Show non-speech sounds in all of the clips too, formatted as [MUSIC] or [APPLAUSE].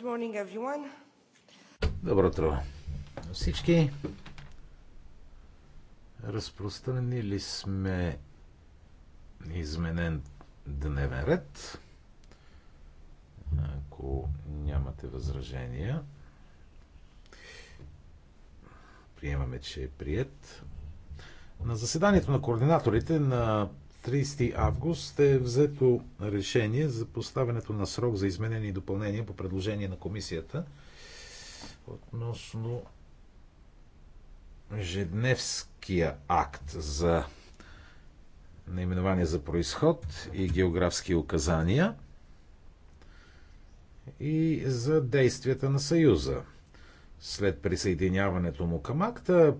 Good morning, everyone. Добро утро всички. Разпространили сме изменен дневен ред. Ако нямате възражения, приемаме, че е прият. На заседанието на координаторите на 30 август е взето решение за поставянето на срок за изменение и допълнение по предложение на комисията относно Жедневския акт за наименование за происход и географски указания и за действията на Съюза след присъединяването му към акта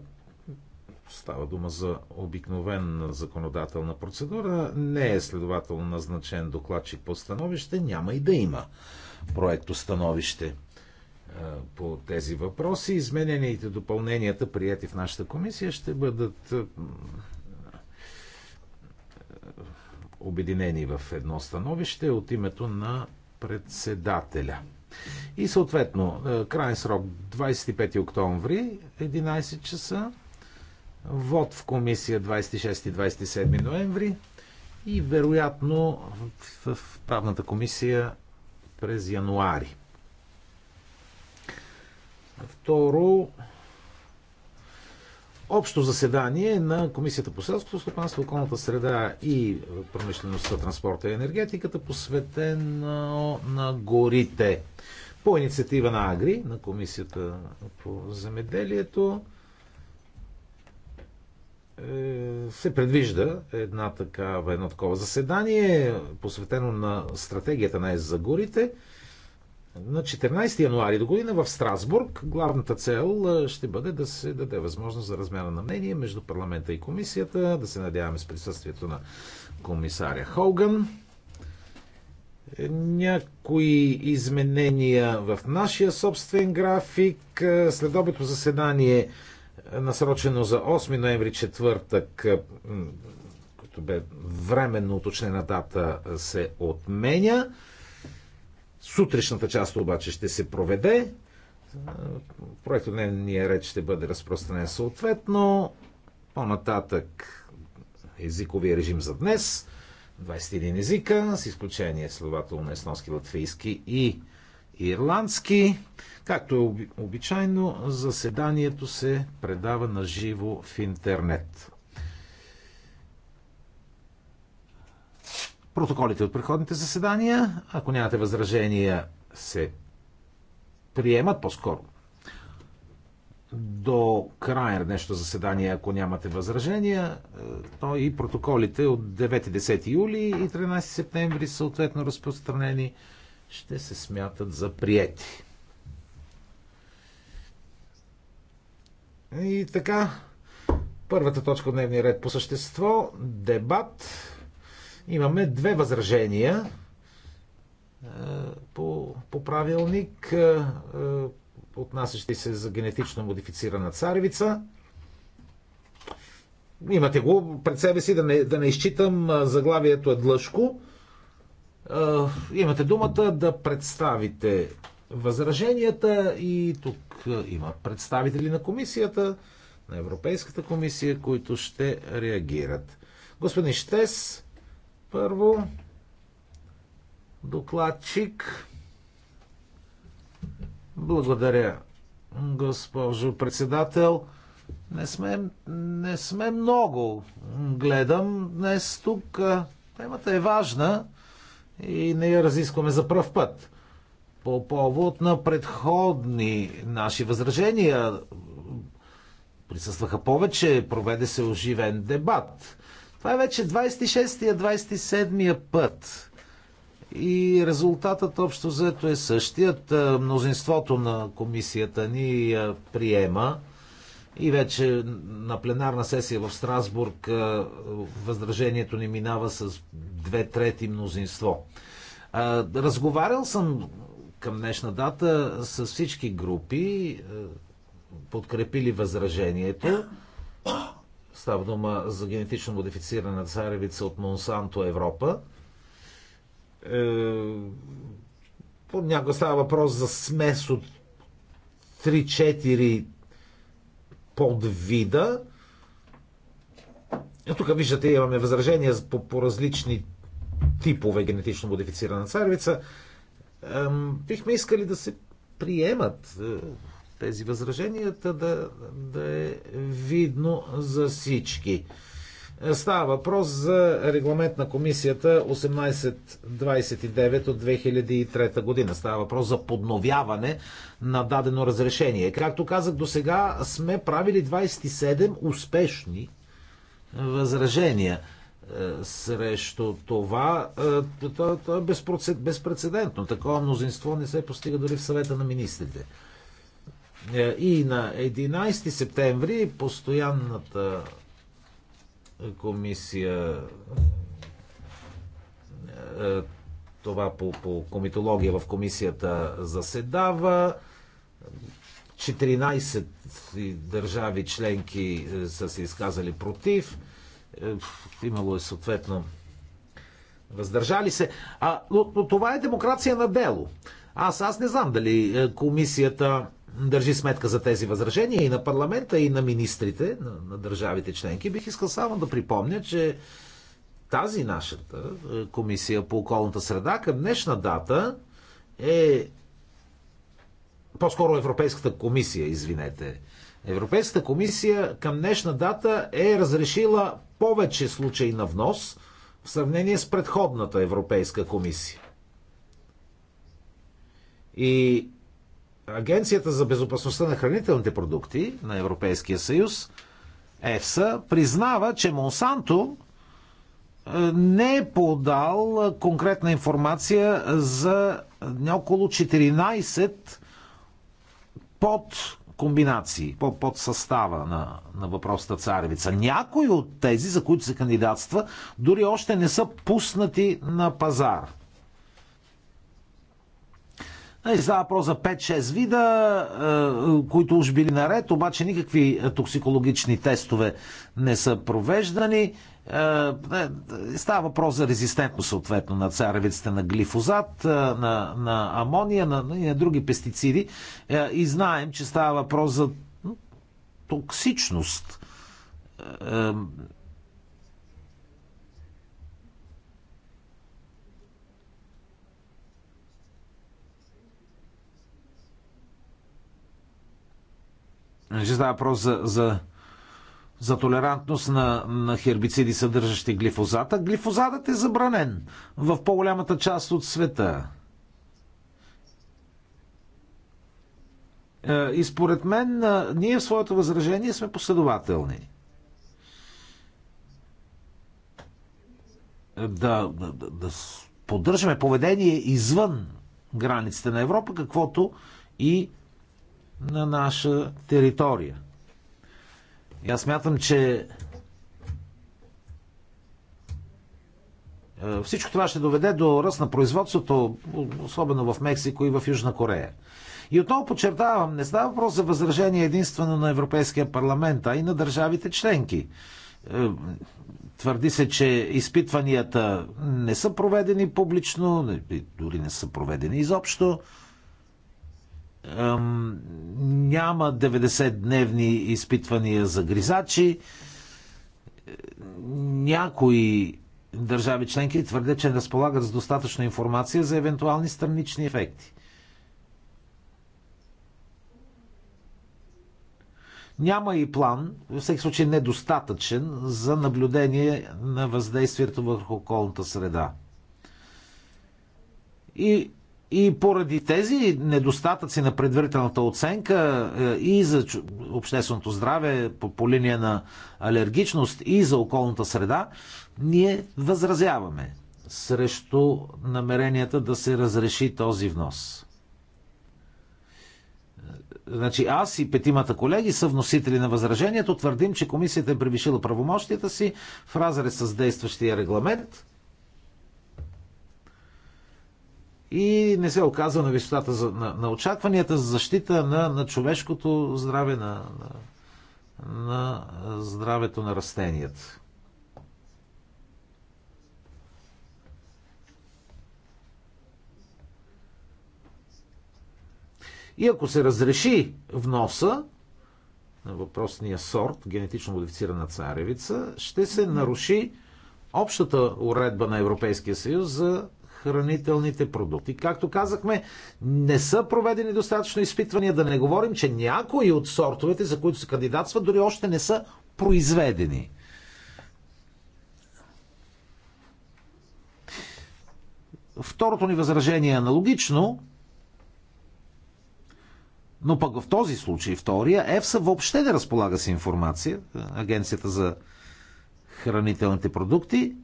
става дума за обикновена законодателна процедура, не е следователно назначен докладчик по становище, няма и да има проекто становище е, по тези въпроси. Измененията и допълненията, прияти в нашата комисия, ще бъдат е, е, обединени в едно становище от името на председателя. И съответно, крайен срок 25 октомври, 11 часа, Вод в комисия 26 27 ноември и вероятно в правната комисия през януари. Второ, общо заседание на Комисията по селското стопанство, околната среда и промишлеността, транспорта и енергетиката, посветено на горите. По инициатива на Агри, на Комисията по земеделието, е, се предвижда една такава, едно такова заседание, посветено на стратегията на ЕС за горите. На 14 януари до година в Страсбург главната цел е, ще бъде да се даде възможност за размяна на мнение между парламента и комисията, да се надяваме с присъствието на комисаря Холган. Е, някои изменения в нашия собствен график. След обето заседание насрочено за 8 ноември четвъртък, като бе временно уточнена дата, се отменя. Сутрешната част обаче ще се проведе. Проектът дневния ред ще бъде разпространен съответно. По-нататък езиковия режим за днес. 21 езика, с изключение следователно естонски, латвийски и ирландски. Както е обичайно, заседанието се предава на живо в интернет. Протоколите от предходните заседания, ако нямате възражения, се приемат по-скоро. До края на днешното заседание, ако нямате възражения, е, то и протоколите от 9-10 юли и 13 септември съответно разпространени ще се смятат за приети. И така, първата точка от дневния ред по същество, дебат. Имаме две възражения е, по, по правилник, е, е, отнасящи се за генетично модифицирана царевица. Имате го пред себе си, да не, да не изчитам, заглавието е длъжко. Е, имате думата да представите възраженията и тук е, има представители на комисията, на Европейската комисия, които ще реагират. Господин Штес, първо, докладчик. Благодаря, госпожо председател. Не сме, не сме много. Гледам днес тук. Темата е важна и не я разискваме за пръв път. По повод на предходни наши възражения присъстваха повече, проведе се оживен дебат. Това е вече 26-я, 27-я път. И резултатът общо заето е същият. Мнозинството на комисията ни приема и вече на пленарна сесия в Страсбург възражението ни минава с две трети мнозинство. Разговарял съм към днешна дата с всички групи, подкрепили възражението. Става дума за генетично модифициране на царевица от Монсанто Европа. Е, някой става въпрос за смес от 3-4 подвида. Е, тук виждате, имаме възражения по, по различни типове генетично модифицирана царевица. бихме искали да се приемат е, тези възраженията, да, да е видно за всички. Става въпрос за регламент на комисията 1829 от 2003 година. Става въпрос за подновяване на дадено разрешение. Както казах, до сега сме правили 27 успешни е, възражения е, срещу това. Е, то, то е безпредседентно. Такова мнозинство не се постига дори в съвета на министрите. И на 11 септември постоянната комисия е, това по, по комитология в комисията заседава. 14 държави членки е, са се изказали против. Е, имало е съответно въздържали се. А, но, но това е демокрация на дело. Аз, аз не знам дали комисията държи сметка за тези възражения и на парламента, и на министрите на, на държавите членки. Бих искал само да припомня, че тази нашата е, комисия по околната среда към днешна дата е по-скоро Европейската комисия, извинете. Европейската комисия към днешна дата е разрешила повече случаи на внос в сравнение с предходната Европейска комисия. И Агенцията за безопасността на хранителните продукти на Европейския съюз, ЕФСА, признава, че Монсанто е, не е подал конкретна информация за около 14 под комбинации, под, под състава на, на въпросата царевица. Някои от тези, за които се кандидатства, дори още не са пуснати на пазар. Не, става въпрос за 5-6 вида, е, които уж били наред, обаче никакви е, токсикологични тестове не са провеждани. Е, става въпрос за резистентност, съответно, на царевиците на глифозат, на, на амония, на, на други пестициди. И знаем, че става въпрос за токсичност Значи става въпрос за, за, за толерантност на, на хербициди, съдържащи глифозата. Глифозатът е забранен в по-голямата част от света. Е, и според мен, е, ние в своето възражение сме последователни. Да, да, да поддържаме поведение извън границите на Европа, каквото и на наша територия. И аз смятам, че е, Всичко това ще доведе до ръст на производството, особено в Мексико и в Южна Корея. И отново подчертавам, не става въпрос за възражение единствено на Европейския парламент, а и на държавите членки. Е, твърди се, че изпитванията не са проведени публично, дори не са проведени изобщо няма 90-дневни изпитвания за гризачи. Някои държави членки твърдят, че не разполагат с достатъчно информация за евентуални странични ефекти. Няма и план, във всеки случай недостатъчен, за наблюдение на въздействието върху околната среда. И и поради тези недостатъци на предварителната оценка е, и за общественото здраве по, по линия на алергичност и за околната среда, ние възразяваме срещу намеренията да се разреши този внос. Е, значи аз и петимата колеги са вносители на възражението. Твърдим, че комисията е превишила правомощията си в разрез с действащия регламент и не се оказва на висотата за, на, на очакванията за защита на, на човешкото здраве, на, на, на здравето на растенията. И ако се разреши вноса на въпросния сорт, генетично модифицирана царевица, ще се наруши общата уредба на Европейския съюз за хранителните продукти. Както казахме, не са проведени достатъчно изпитвания, да не говорим, че някои от сортовете, за които се кандидатстват, дори още не са произведени. Второто ни възражение е аналогично, но пък в този случай, втория, ЕФСА въобще не разполага с информация, Агенцията за хранителните продукти,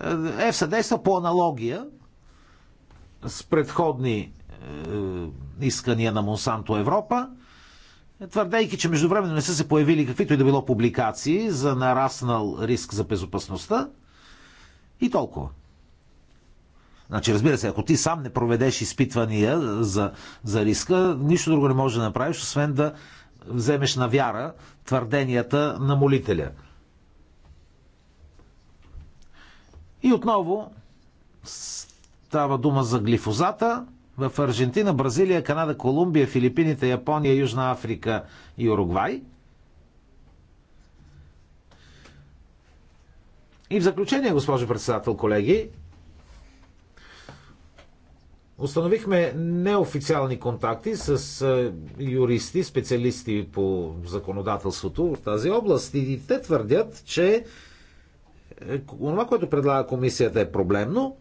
в е, съдейство по аналогия с предходни е, искания на Монсанто Европа, твърдейки, че междувременно не са се появили каквито и да било публикации за нараснал риск за безопасността и толкова. Значи, разбира се, ако ти сам не проведеш изпитвания за, за риска, нищо друго не можеш да направиш, освен да вземеш на вяра твърденията на молителя – И отново става дума за глифозата. В Аржентина, Бразилия, Канада, Колумбия, Филипините, Япония, Южна Африка и Уругвай. И в заключение, госпожо председател, колеги, Установихме неофициални контакти с е, юристи, специалисти по законодателството в тази област и те твърдят, че това, което предлага комисията е проблемно.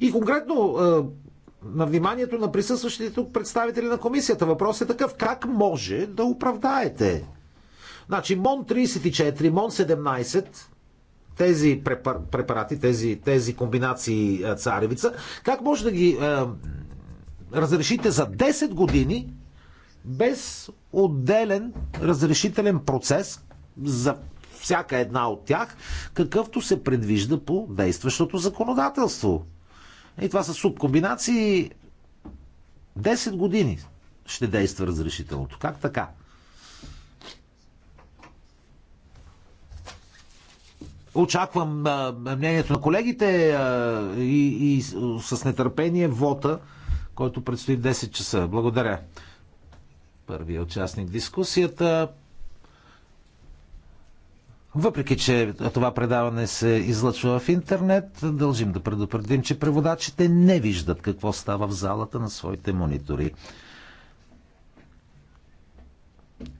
И конкретно е, на вниманието на присъстващите тук представители на комисията. Въпросът е такъв. Как може да оправдаете? Значи МОН 34, МОН 17, тези препарати, тези, тези комбинации е, царевица, как може да ги е, разрешите за 10 години без отделен разрешителен процес, за всяка една от тях, какъвто се предвижда по действащото законодателство. И това са субкомбинации 10 години ще действа разрешителното. Как така? Очаквам а, мнението на колегите а, и, и с нетърпение вота, който предстои 10 часа. Благодаря. Първият участник в дискусията. Въпреки, че това предаване се излъчва в интернет, дължим да предупредим, че преводачите не виждат какво става в залата на своите монитори.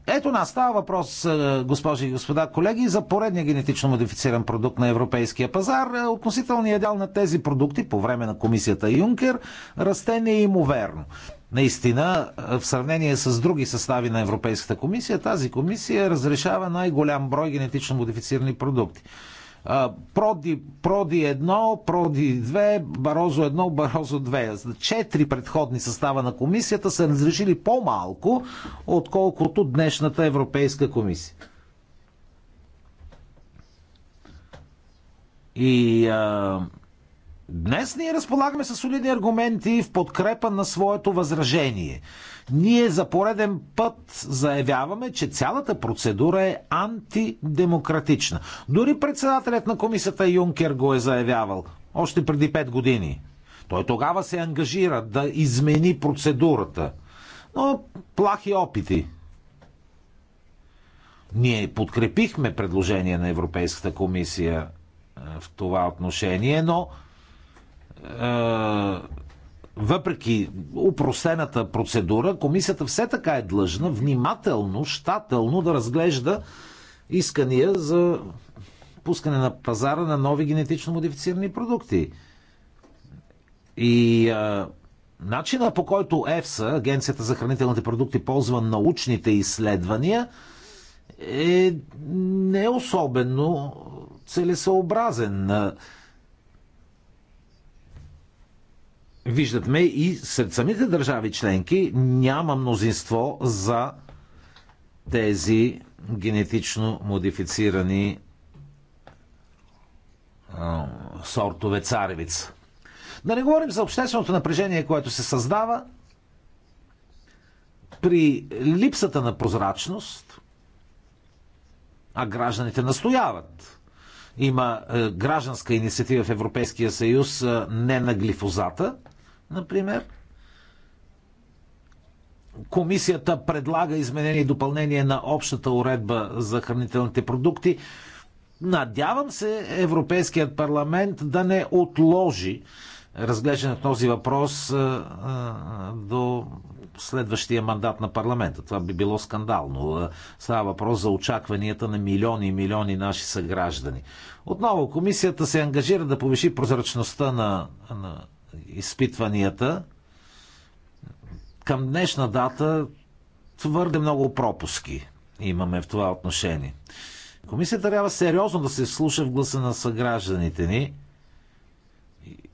Ето нас става въпрос, е, госпожи и господа колеги, за поредния генетично модифициран продукт на европейския пазар. Е, относителният дял на тези продукти по време на комисията Юнкер расте неимоверно. Наистина, в сравнение с други състави на Европейската комисия, тази комисия разрешава най-голям брой генетично модифицирани продукти. Проди, проди 1, Проди 2, Барозо 1, Барозо 2. Четири предходни състава на комисията са разрешили по-малко, отколкото днешната Европейска комисия. И а, Днес ние разполагаме с солидни аргументи в подкрепа на своето възражение. Ние за пореден път заявяваме, че цялата процедура е антидемократична. Дори председателят на комисията Юнкер го е заявявал още преди 5 години. Той тогава се ангажира да измени процедурата. Но плахи опити. Ние подкрепихме предложение на Европейската комисия в това отношение, но въпреки упростената процедура, комисията все така е длъжна внимателно, щателно да разглежда искания за пускане на пазара на нови генетично модифицирани продукти. И а, начина по който ЕФСА, Агенцията за хранителните продукти, ползва научните изследвания, е не особено целесъобразен. виждахме и сред самите държави членки няма мнозинство за тези генетично модифицирани сортове царевица. Да не говорим за общественото напрежение, което се създава при липсата на прозрачност, а гражданите настояват. Има е, гражданска инициатива в Европейския съюз е, не на глифозата – например, Комисията предлага изменение и допълнение на общата уредба за хранителните продукти. Надявам се Европейският парламент да не отложи разглеждане на този въпрос до следващия мандат на парламента. Това би било скандално. Става въпрос за очакванията на милиони и милиони наши съграждани. Отново, комисията се ангажира да повиши прозрачността на, на изпитванията, към днешна дата твърде много пропуски имаме в това отношение. Комисията трябва сериозно да се слуша в гласа на съгражданите ни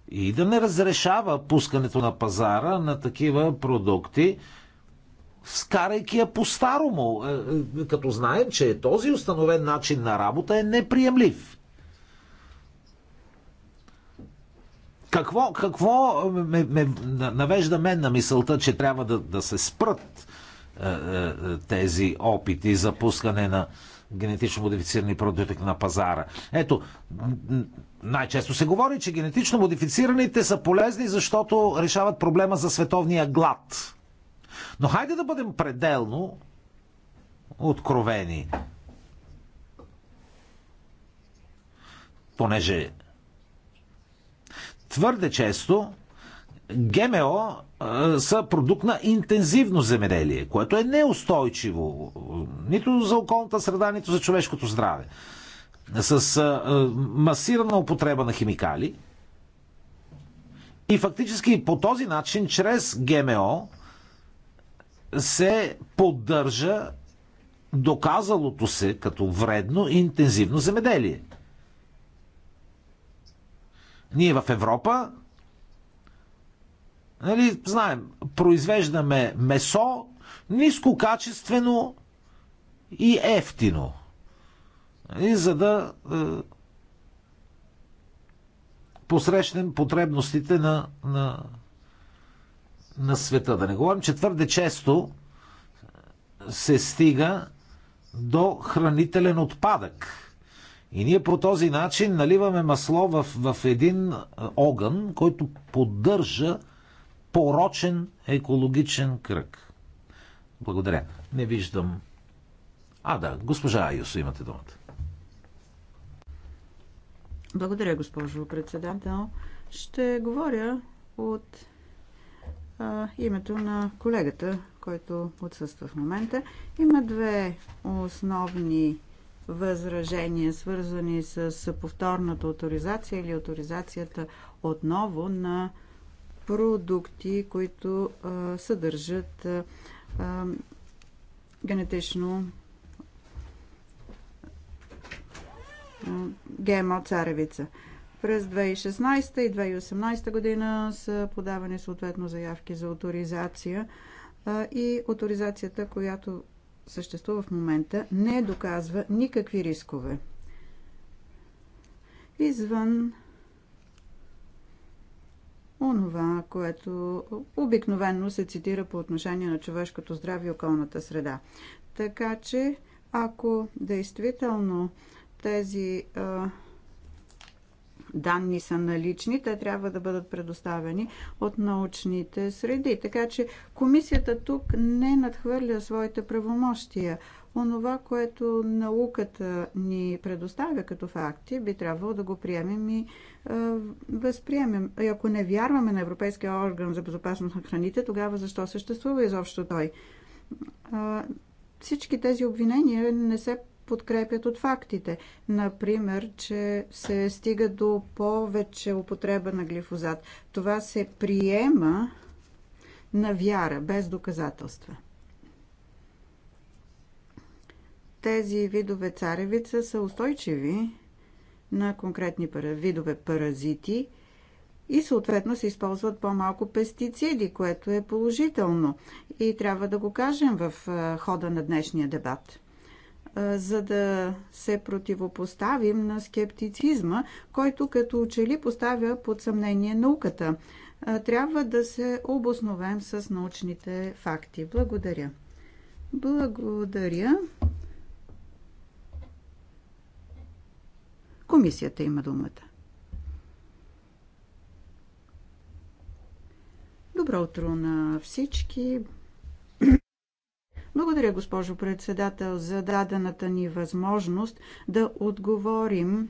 и да не разрешава пускането на пазара на такива продукти, скарайки я по-старому, е, е, като знаем, че този установен начин на работа е неприемлив. Какво, какво ме, ме, навежда мен на мисълта, че трябва да, да се спрат е, е, тези опити за пускане на генетично модифицирани продукти на пазара? Ето, най-често се говори, че генетично модифицираните са полезни, защото решават проблема за световния глад. Но хайде да бъдем пределно откровени. Понеже Твърде често ГМО са продукт на интензивно земеделие, което е неустойчиво нито за околната среда, нито за човешкото здраве. С масирана употреба на химикали и фактически по този начин, чрез ГМО, се поддържа доказалото се като вредно и интензивно земеделие. Ние в Европа Нали, знаем, произвеждаме месо нискокачествено и ефтино. Нали, за да е, посрещнем потребностите на, на, на света. Да не говорим, че твърде често се стига до хранителен отпадък. И ние по този начин наливаме масло в, в един огън, който поддържа порочен екологичен кръг. Благодаря. Не виждам. А, да, госпожа Айосо, имате думата. Благодаря, госпожо председател. Ще говоря от а, името на колегата, който отсъства в момента. Има две основни възражения, свързани с повторната авторизация или авторизацията отново на продукти, които а, съдържат а, а, генетично ГМО царевица. През 2016 и 2018 година са подавани съответно заявки за авторизация и авторизацията, която съществува в момента, не доказва никакви рискове. Извън онова, което обикновенно се цитира по отношение на човешкото здраве и околната среда. Така че, ако действително тези а, данни са налични, те трябва да бъдат предоставени от научните среди. Така че комисията тук не надхвърля своите правомощия. Онова, което науката ни предоставя като факти, би трябвало да го приемем и е, възприемем. И ако не вярваме на Европейския орган за безопасност на храните, тогава защо съществува изобщо той? Е, всички тези обвинения не се подкрепят от фактите. Например, че се стига до повече употреба на глифозат. Това се приема на вяра, без доказателства. Тези видове царевица са устойчиви на конкретни видове паразити и съответно се използват по-малко пестициди, което е положително. И трябва да го кажем в хода на днешния дебат за да се противопоставим на скептицизма, който като учели поставя под съмнение науката. Трябва да се обосновем с научните факти. Благодаря. Благодаря. Комисията има думата. Добро утро на всички. Благодаря, госпожо председател, за дадената ни възможност да отговорим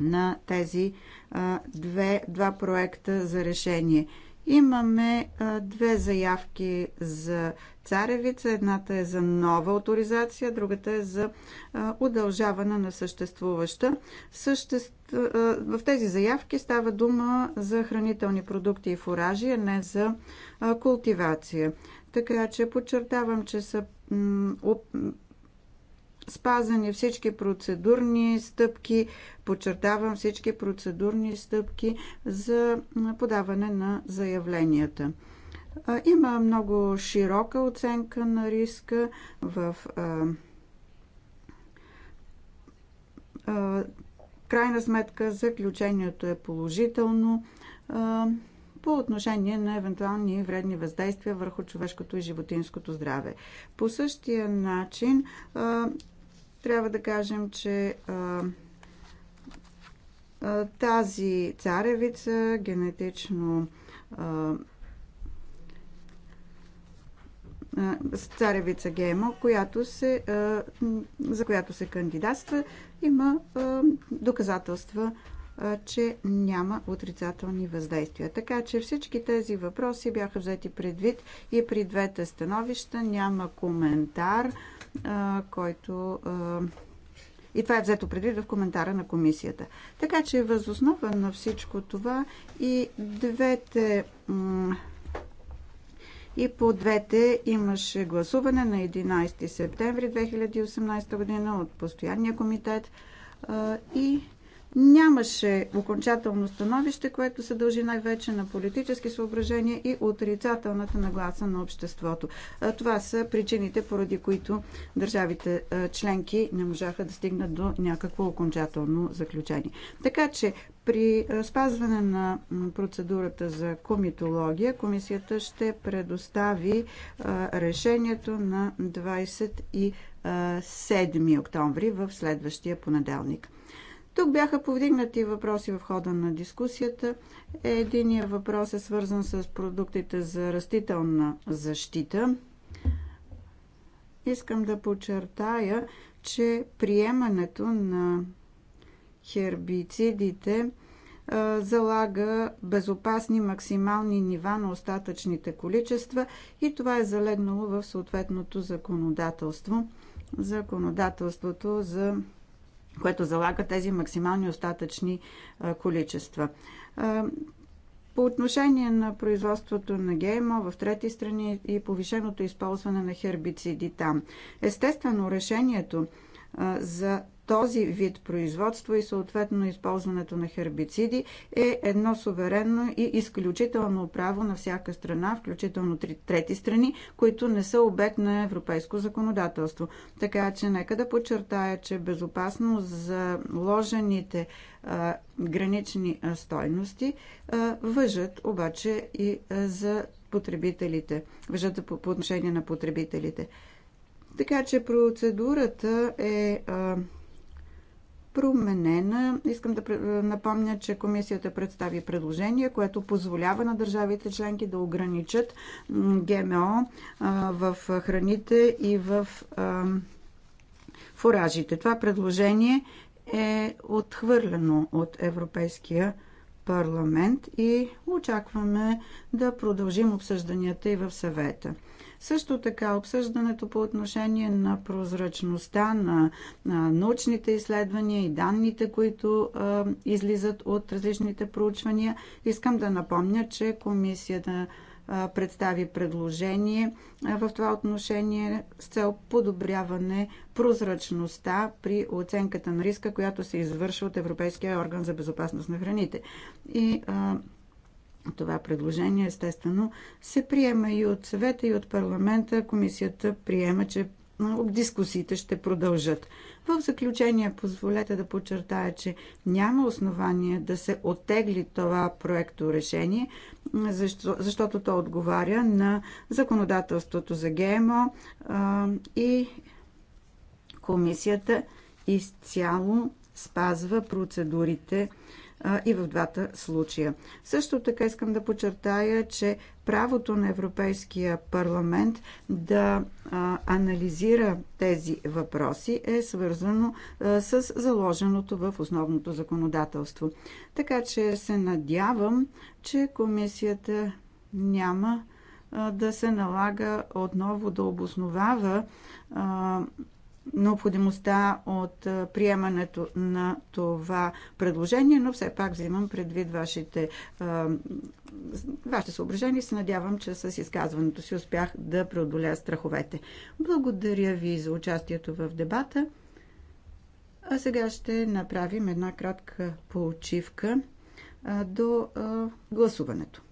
на тези а, две, два проекта за решение. Имаме а, две заявки за царевица. Едната е за нова авторизация, другата е за а, удължаване на съществуваща. Съществ... А, в тези заявки става дума за хранителни продукти и фуражи, а не за а, култивация. Така че подчертавам, че са спазани всички процедурни стъпки, подчертавам всички процедурни стъпки за подаване на заявленията. Има много широка оценка на риска в крайна сметка заключението е положително по отношение на евентуални вредни въздействия върху човешкото и животинското здраве. По същия начин трябва да кажем, че тази царевица генетично царевица ГМО, която се, за която се кандидатства, има доказателства че няма отрицателни въздействия. Така че всички тези въпроси бяха взети предвид и при двете становища няма коментар, който. И това е взето предвид в коментара на комисията. Така че възоснова на всичко това и двете и по двете имаше гласуване на 11 септември 2018 година от Постоянния комитет и Нямаше окончателно становище, което се дължи най-вече на политически съображения и отрицателната нагласа на обществото. Това са причините, поради които държавите членки не можаха да стигнат до някакво окончателно заключение. Така че при спазване на процедурата за комитология, комисията ще предостави решението на 27 октомври в следващия понеделник. Тук бяха повдигнати въпроси в хода на дискусията. Единият въпрос е свързан с продуктите за растителна защита. Искам да подчертая, че приемането на хербицидите залага безопасни максимални нива на остатъчните количества и това е залегнало в съответното законодателство. Законодателството за което залага тези максимални остатъчни количества. По отношение на производството на ГМО в трети страни и повишеното използване на хербициди там. Естествено, решението за този вид производство и съответно използването на хербициди е едно суверенно и изключително право на всяка страна, включително трети страни, които не са обект на европейско законодателство. Така че нека да подчертая, че безопасно за ложените а, гранични стойности а, въжат обаче и а, за потребителите, въжат по, по отношение на потребителите. Така че процедурата е а, променена. Искам да напомня, че комисията представи предложение, което позволява на държавите членки да ограничат ГМО в храните и в фуражите. Това предложение е отхвърлено от Европейския парламент и очакваме да продължим обсъжданията и в съвета. Също така обсъждането по отношение на прозрачността на, на научните изследвания и данните, които а, излизат от различните проучвания. Искам да напомня, че комисията представи предложение в това отношение с цел подобряване прозрачността при оценката на риска, която се извършва от Европейския орган за безопасност на храните. И а, това предложение, естествено, се приема и от съвета, и от парламента. Комисията приема, че дискусиите ще продължат. В заключение, позволете да подчертая, че няма основание да се оттегли това проекто решение, защо, защото то отговаря на законодателството за ГМО а, и комисията изцяло спазва процедурите, и в двата случая. Също така искам да подчертая, че правото на Европейския парламент да анализира тези въпроси е свързано с заложеното в основното законодателство. Така че се надявам, че комисията няма да се налага отново да обосновава необходимостта от приемането на това предложение, но все пак взимам предвид вашите, вашите съображения и се надявам, че с изказването си успях да преодоля страховете. Благодаря ви за участието в дебата. А сега ще направим една кратка почивка до гласуването.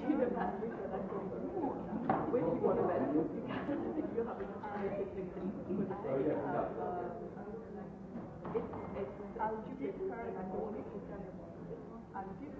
to you want to value, because you have an analytic for the it's, it's, I'll give her an and give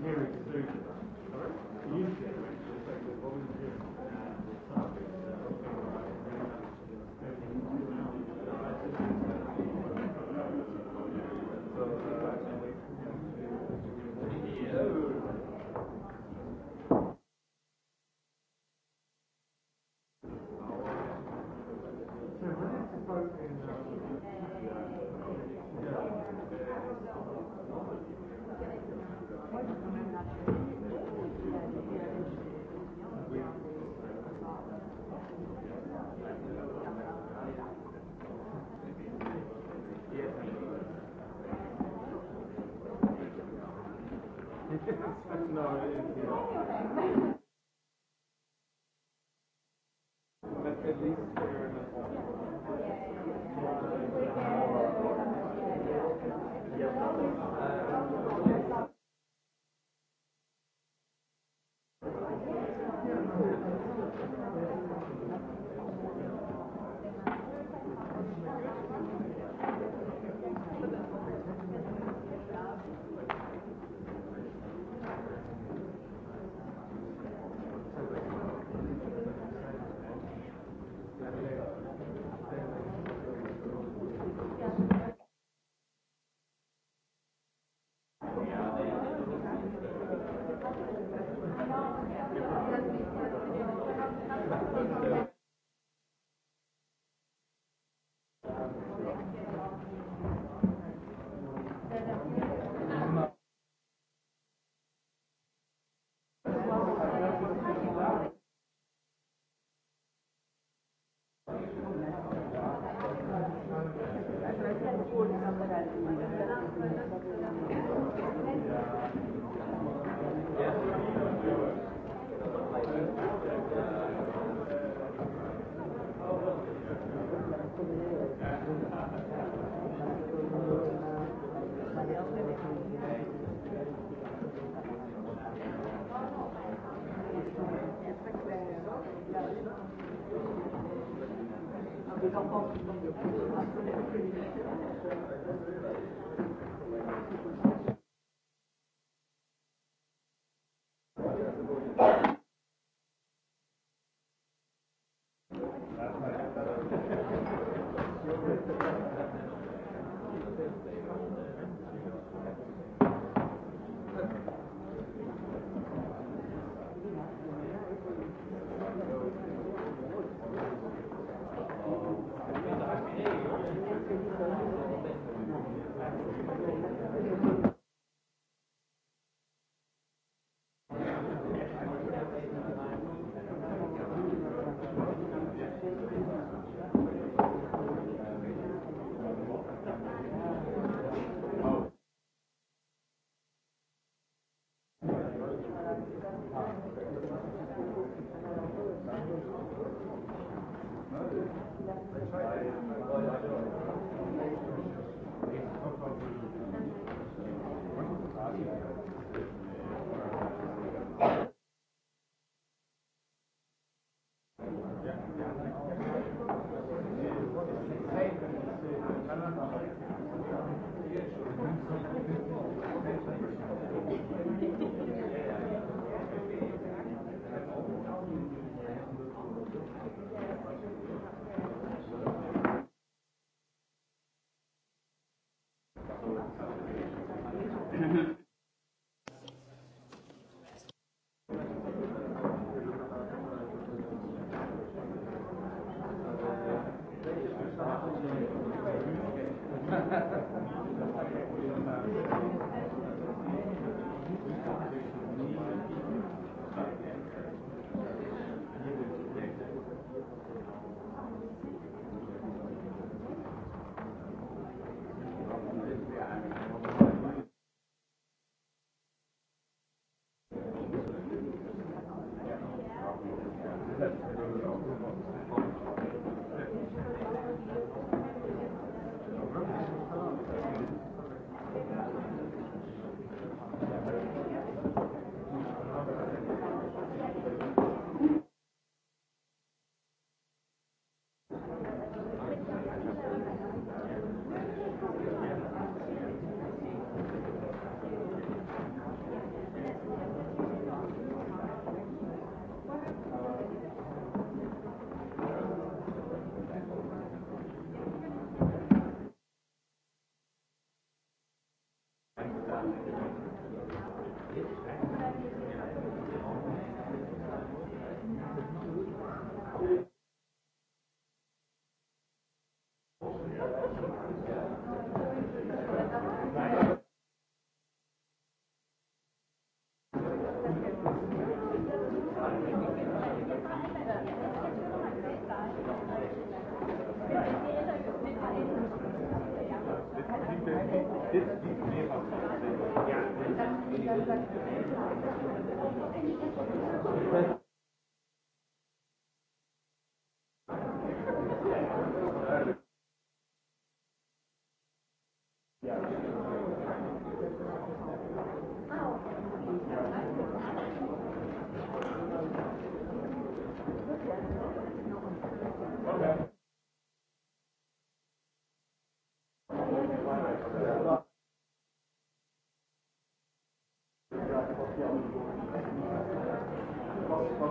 Mary.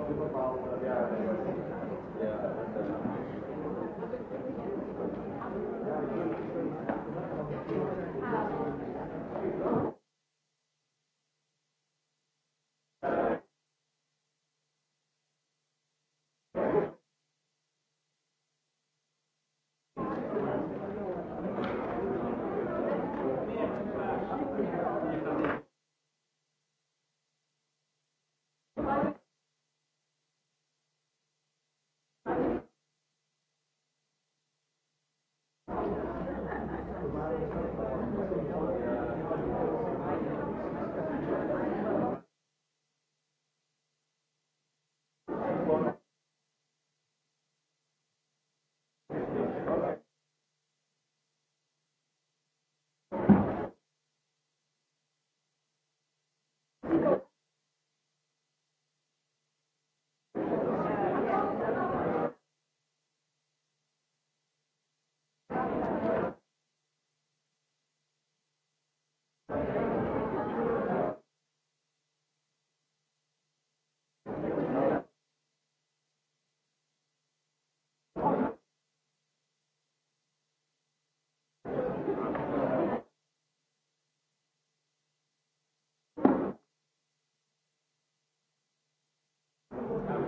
det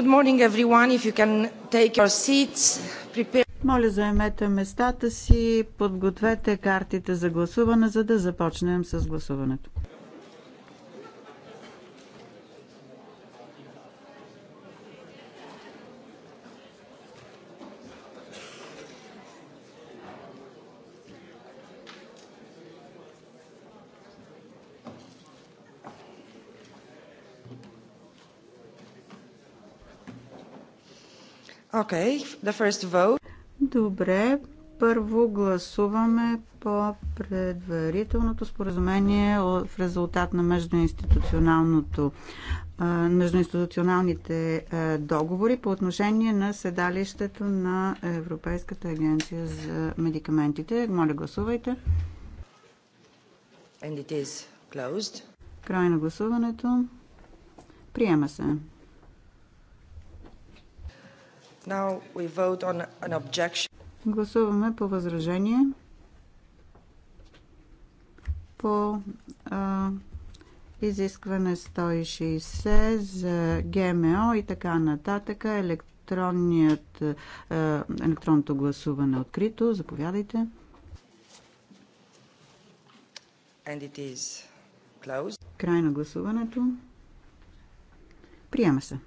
Good morning, everyone. If you can take your seats, prepare... Моля, заемете местата си, подгответе картите за гласуване, за да започнем с гласуването. Okay, the first vote. Добре, първо гласуваме по предварителното споразумение в резултат на междуинституционалното междуинституционалните договори по отношение на седалището на Европейската агенция за медикаментите. Моля, гласувайте. Край на гласуването. Приема се. Now we vote on an objection. Гласуваме по възражение по а, изискване 160 за ГМО и така нататък. Електронният, а, електронното гласуване е открито. Заповядайте. And it is closed. Край на гласуването. Приема се.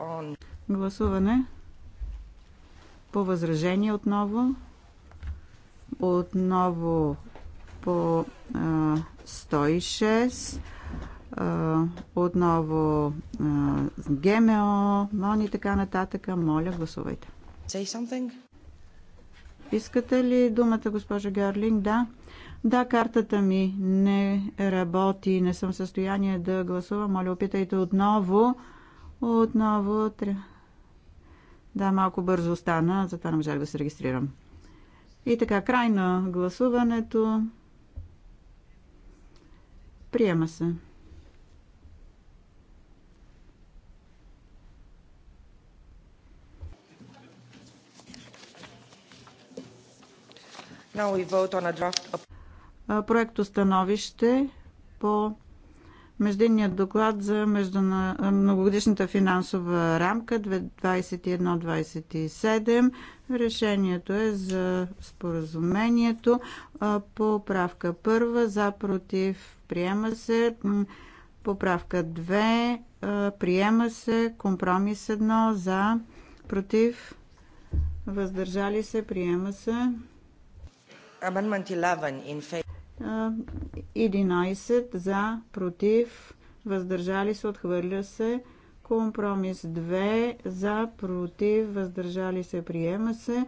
On... Гласуване по възражение отново. Отново по а, 106. отново а, ГМО, МОН и така нататък. Моля, гласувайте. Искате ли думата, госпожа Гарлинг? Да. Да, картата ми не работи, не съм в състояние да гласувам. Моля, опитайте отново. Отново Да, малко бързо остана. затова не можах да се регистрирам. И така, край на гласуването. Приема се. Now we vote on a draft. Проекто становище по междинният доклад за междуна... многогодишната финансова рамка 21-27. Решението е за споразумението по правка първа за против приема се поправка 2 приема се компромис 1 за против въздържали се приема се Amendment 11 in favor. 11 за, против, въздържали се, отхвърля се. Компромис 2 за, против, въздържали се, приема се.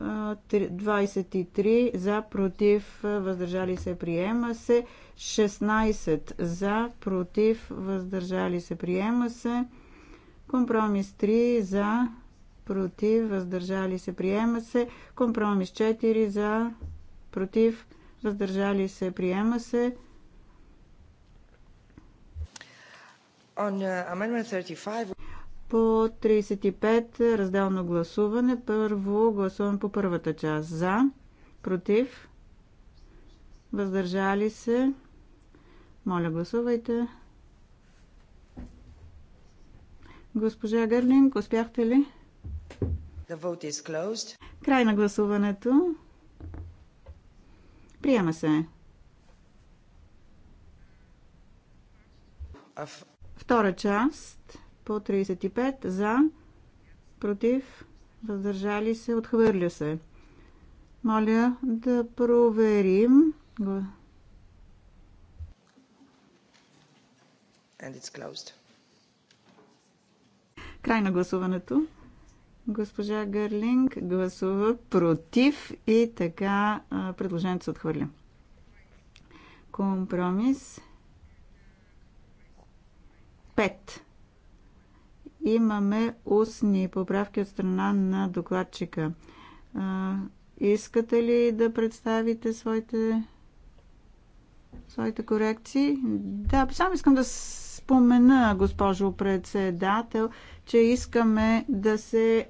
23 за, против, въздържали се, приема се. 16 за, против, въздържали се, приема се. Компромис 3 за, против, въздържали се, приема се. Компромис 4 за, против, въздържали се, приема се. Uh, по 35 разделно гласуване. Първо гласувам по първата част. За, против, въздържали се. Моля, гласувайте. Госпожа Гърлинг, успяхте ли? Край на гласуването. Приема се. Втора част по 35 за, против, въздържали се, отхвърля се. Моля да проверим. Край на гласуването. Госпожа Гърлинг гласува против и така предложението се отхвърля. Компромис Пет. Имаме устни поправки от страна на докладчика. Искате ли да представите своите, своите корекции? Да, само искам да спомена, госпожо председател, че искаме да се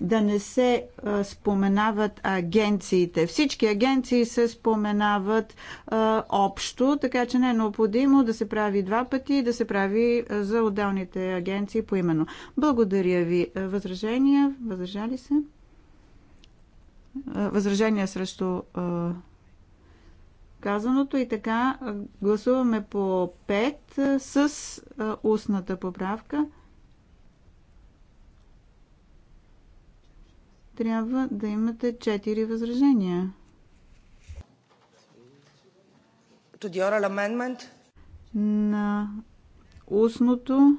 да не се споменават агенциите. Всички агенции се споменават а, общо, така че не е необходимо да се прави два пъти и да се прави за отделните агенции по именно. Благодаря ви. Възражения? Възражали се? Възражения срещу а, казаното и така гласуваме по 5 с устната поправка. Трябва да имате 4 възражения. To the oral amendment? На устното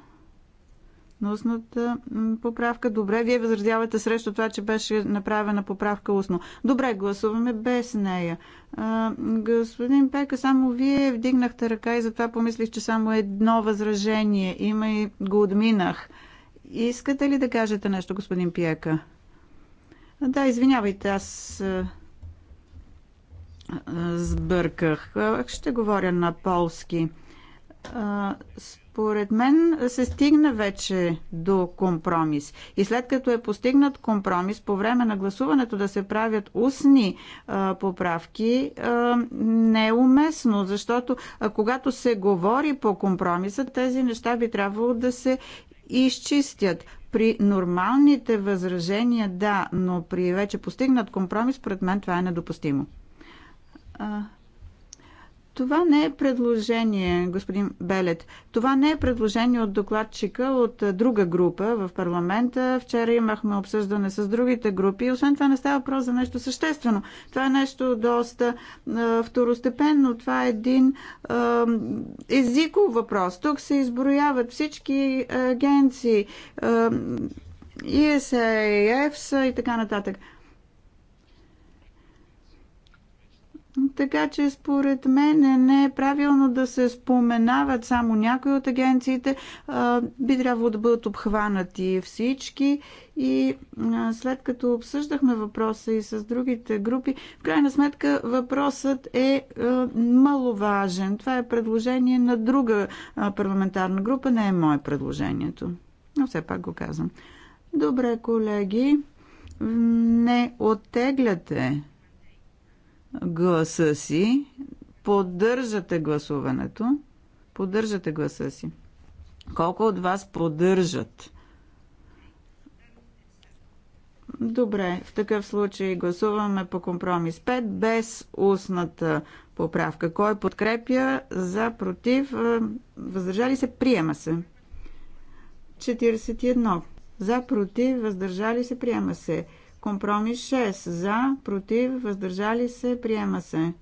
устната поправка. Добре, вие възразявате срещу това, че беше направена поправка устно. Добре, гласуваме без нея. А, господин Пека, само вие вдигнахте ръка и затова помислих, че само едно възражение има и го отминах. Искате ли да кажете нещо, господин Пека? Да, извинявайте, аз сбърках. Ще говоря на полски според мен се стигна вече до компромис. И след като е постигнат компромис, по време на гласуването да се правят устни а, поправки а, не е уместно, защото а, когато се говори по компромиса, тези неща би трябвало да се изчистят. При нормалните възражения да, но при вече постигнат компромис, според мен това е недопустимо. Това не е предложение, господин Белет. Това не е предложение от докладчика от друга група в парламента. Вчера имахме обсъждане с другите групи. Освен това не става въпрос за нещо съществено. Това е нещо доста а, второстепенно. Това е един а, езиков въпрос. Тук се изброяват всички агенции. А, ESA, EFSA и така нататък. Така че според мен не е правилно да се споменават само някои от агенциите. Би трябвало да бъдат обхванати всички. И след като обсъждахме въпроса и с другите групи, в крайна сметка въпросът е, е маловажен. Това е предложение на друга парламентарна група. Не е мое предложението. Но все пак го казвам. Добре, колеги. Не оттегляте гласа си, поддържате гласуването, поддържате гласа си. Колко от вас поддържат? Добре, в такъв случай гласуваме по компромис 5 без устната поправка. Кой подкрепя за, против, е, въздържали се, приема се. 41. За, против, въздържали се, приема се. Компромис 6. За, против, въздържали се, приема се.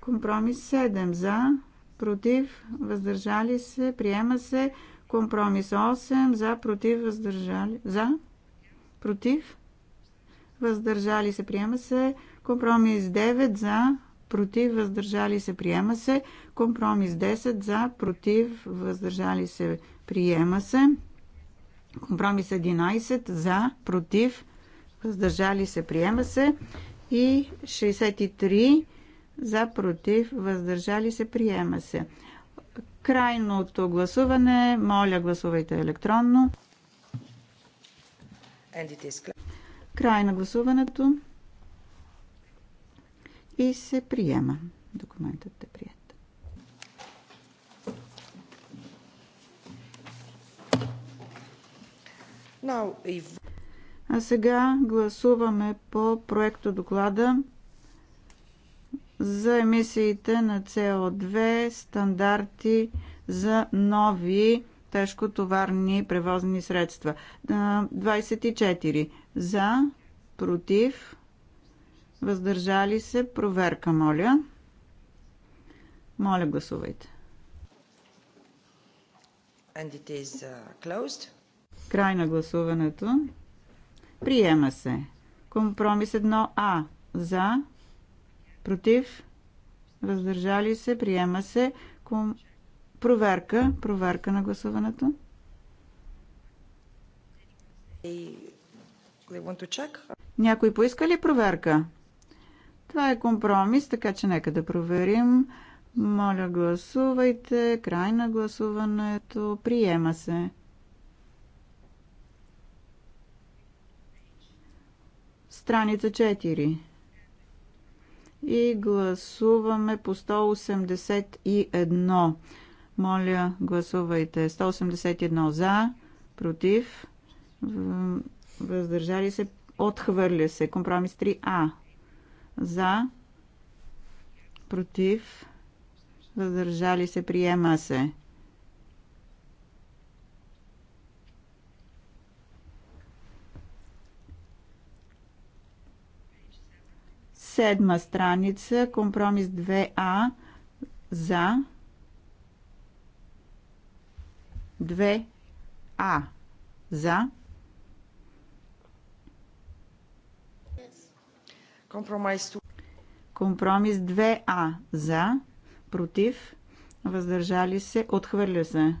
Компромис 7. За, против, въздържали се, приема се. Компромис 8. За, против, въздържали. За, против, въздържали се, приема се. Компромис 9. За, против, въздържали се, приема се. Компромис 10. За, против, въздържали се, приема се. Компромис 11 за, против, въздържали се, приема се. И 63 за, против, въздържали се, приема се. Крайното гласуване, моля гласувайте електронно. Край на гласуването и се приема. Документът е прият. А сега гласуваме по проекто доклада за емисиите на CO2, стандарти за нови тежкотоварни превозни средства. 24 за, против, въздържали се, проверка, моля. Моля, гласувайте. And it is uh, closed. Край на гласуването. Приема се. Компромис 1А. За. Против. Въздържали се. Приема се. Ком... Проверка. Проверка на гласуването. Някой поиска ли проверка? Това е компромис, така че нека да проверим. Моля, гласувайте. Край на гласуването. Приема се. страница 4. И гласуваме по 181. Моля, гласувайте. 181 за, против, въздържали се, отхвърля се. Компромис 3А. За, против, въздържали се, приема се. Седма страница, компромис 2А за 2А за Компромис 2А за против въздържали се отхвърля се.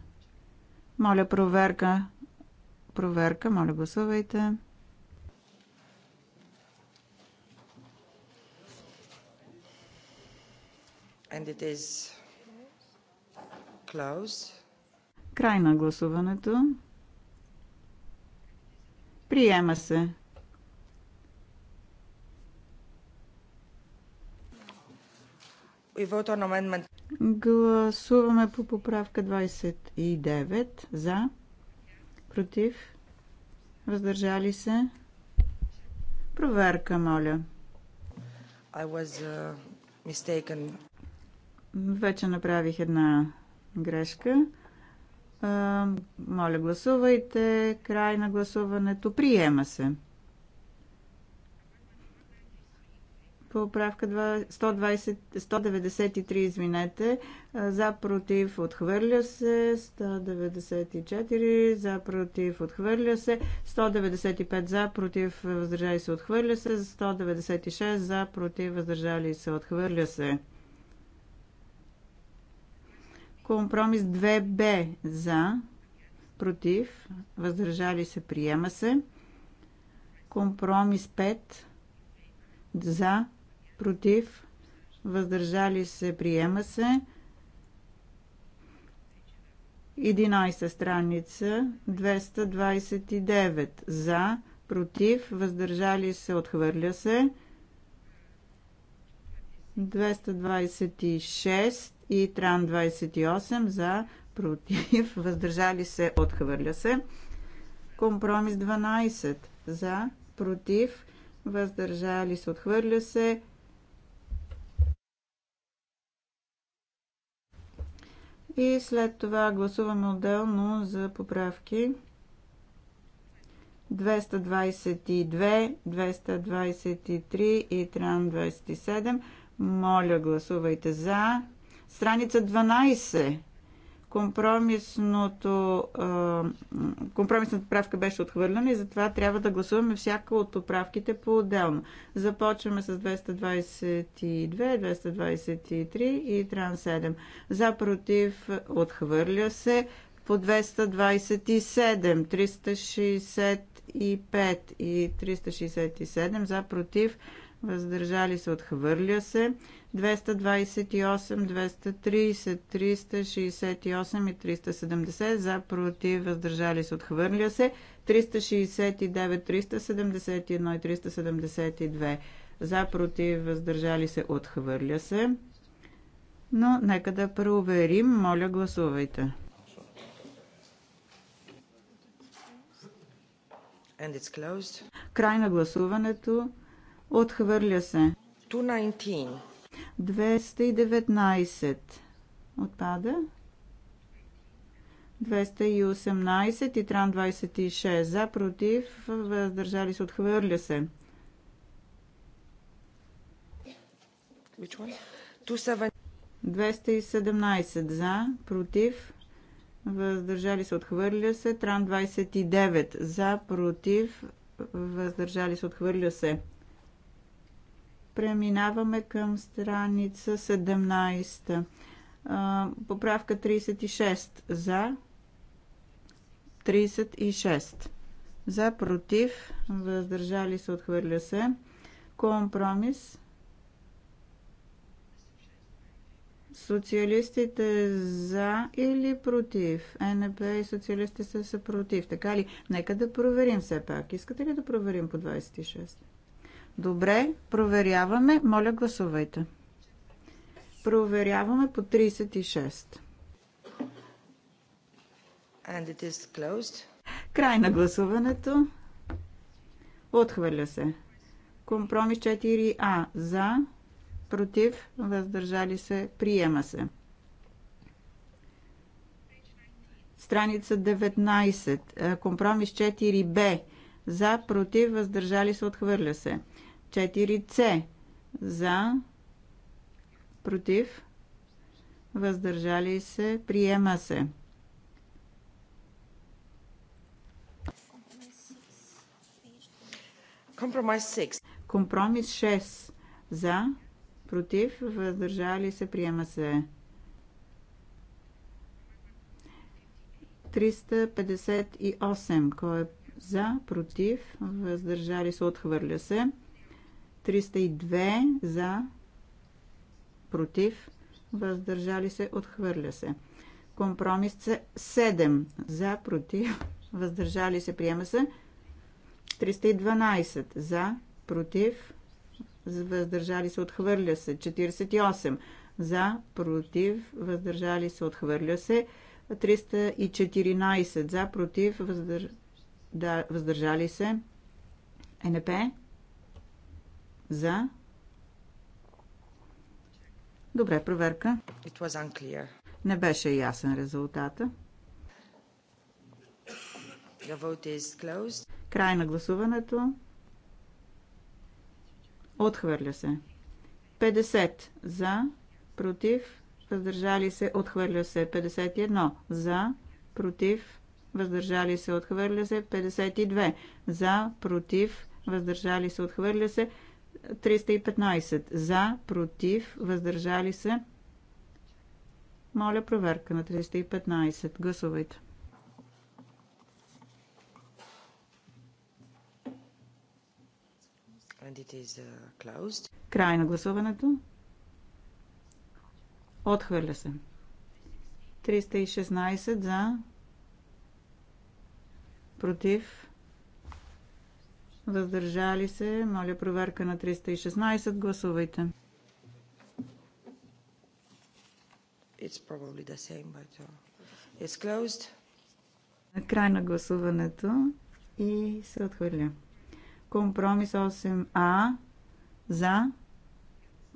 Моля проверка. Проверка, моля гласувайте. And it is Край на гласуването. Приема се. Гласуваме по поправка 29 за, против, въздържали се. Проверка, моля. I was uh, mistaken. Вече направих една грешка. Моля, гласувайте. Край на гласуването. Приема се. Поправка 120, 193, извинете. За против отхвърля се. 194 за против отхвърля се. 195 за против въздържали се отхвърля се. 196 за против въздържали се отхвърля се. Компромис 2Б за, против, въздържали се, приема се. Компромис 5 за, против, въздържали се, приема се. 11 страница 229 за, против, въздържали се, отхвърля се. 226 и Тран 28 за, против, [LAUGHS] въздържали се, отхвърля се. Компромис 12 за, против, въздържали се, отхвърля се. И след това гласуваме отделно за поправки. 222, 223 и Тран 27. Моля, гласувайте за, Страница 12. Компромисното, компромисната правка беше отхвърлена и затова трябва да гласуваме всяка от поправките по-отделно. Започваме с 222, 223 и Тран 7. За против отхвърля се по 227, 365 и 367 за против въздържали се, отхвърля се. 228, 230, 368 и 370 за, против, въздържали се, отхвърля се. 369, 371 и 372 за, против, въздържали се, отхвърля се. Но нека да проверим. Моля, гласувайте. Край на гласуването. Отхвърля се. 219. 219. Отпада. 218 и Тран 26. За, против, въздържали се, отхвърля се. 217 за, против, въздържали се, отхвърля се. Тран 29 за, против, въздържали се, отхвърля се. Преминаваме към страница 17. Поправка 36. За. 36. За, против, въздържали се, отхвърля се. Компромис. Социалистите за или против? Е, НП и социалистите са, са против. Така ли? Нека да проверим все пак. Искате ли да проверим по 26? Добре, проверяваме. Моля, гласувайте. Проверяваме по 36. And it is closed. Край на гласуването. Отхвърля се. Компромис 4А. За, против, въздържали се, приема се. Страница 19. Компромис 4Б. За, против, въздържали се, отхвърля се. 4C за, против, въздържали се, приема се. Компромис 6. Компромис 6 за, против, въздържали се, приема се. 358. Кой е за, против, въздържали се, отхвърля се. 302 за, против, въздържали се, отхвърля се. Компромис 7 за, против, въздържали се, приема се. 312 за, против, въздържали се, отхвърля се. 48 за, против, въздържали се, отхвърля се. 314 за, против, въздър... да, въздържали се. Е, НП за. Добре, проверка. It was unclear. Не беше ясен резултата. The vote is closed. Край на гласуването. Отхвърля се. 50 за, против, въздържали се, отхвърля се. 51 за, против, въздържали се, отхвърля се. 52 за, против, въздържали се, отхвърля се. 315 за, против, въздържали се. Моля проверка на 315. Гласувайте. Uh, Край на гласуването. Отхвърля се. 316 за, против, въздържали се. Моля проверка на 316. Гласувайте. It's probably the same, but uh, it's closed. На край на гласуването и се отхвърля. Компромис 8А за,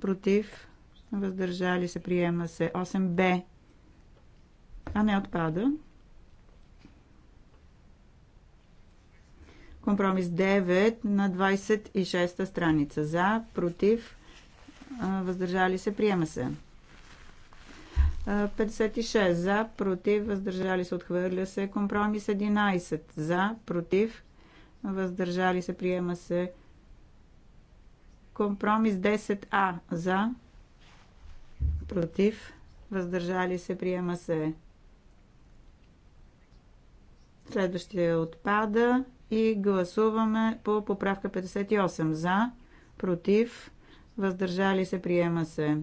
против, въздържали се, приема се 8Б. А не отпада. Компромис 9 на 26-та страница. За, против, въздържали се, приема се. 56 за, против, въздържали се, отхвърля се. Компромис 11 за, против, въздържали се, приема се. Компромис 10а за, против, въздържали се, приема се. Следващия отпада и гласуваме по поправка 58 за, против, въздържали се, приема се.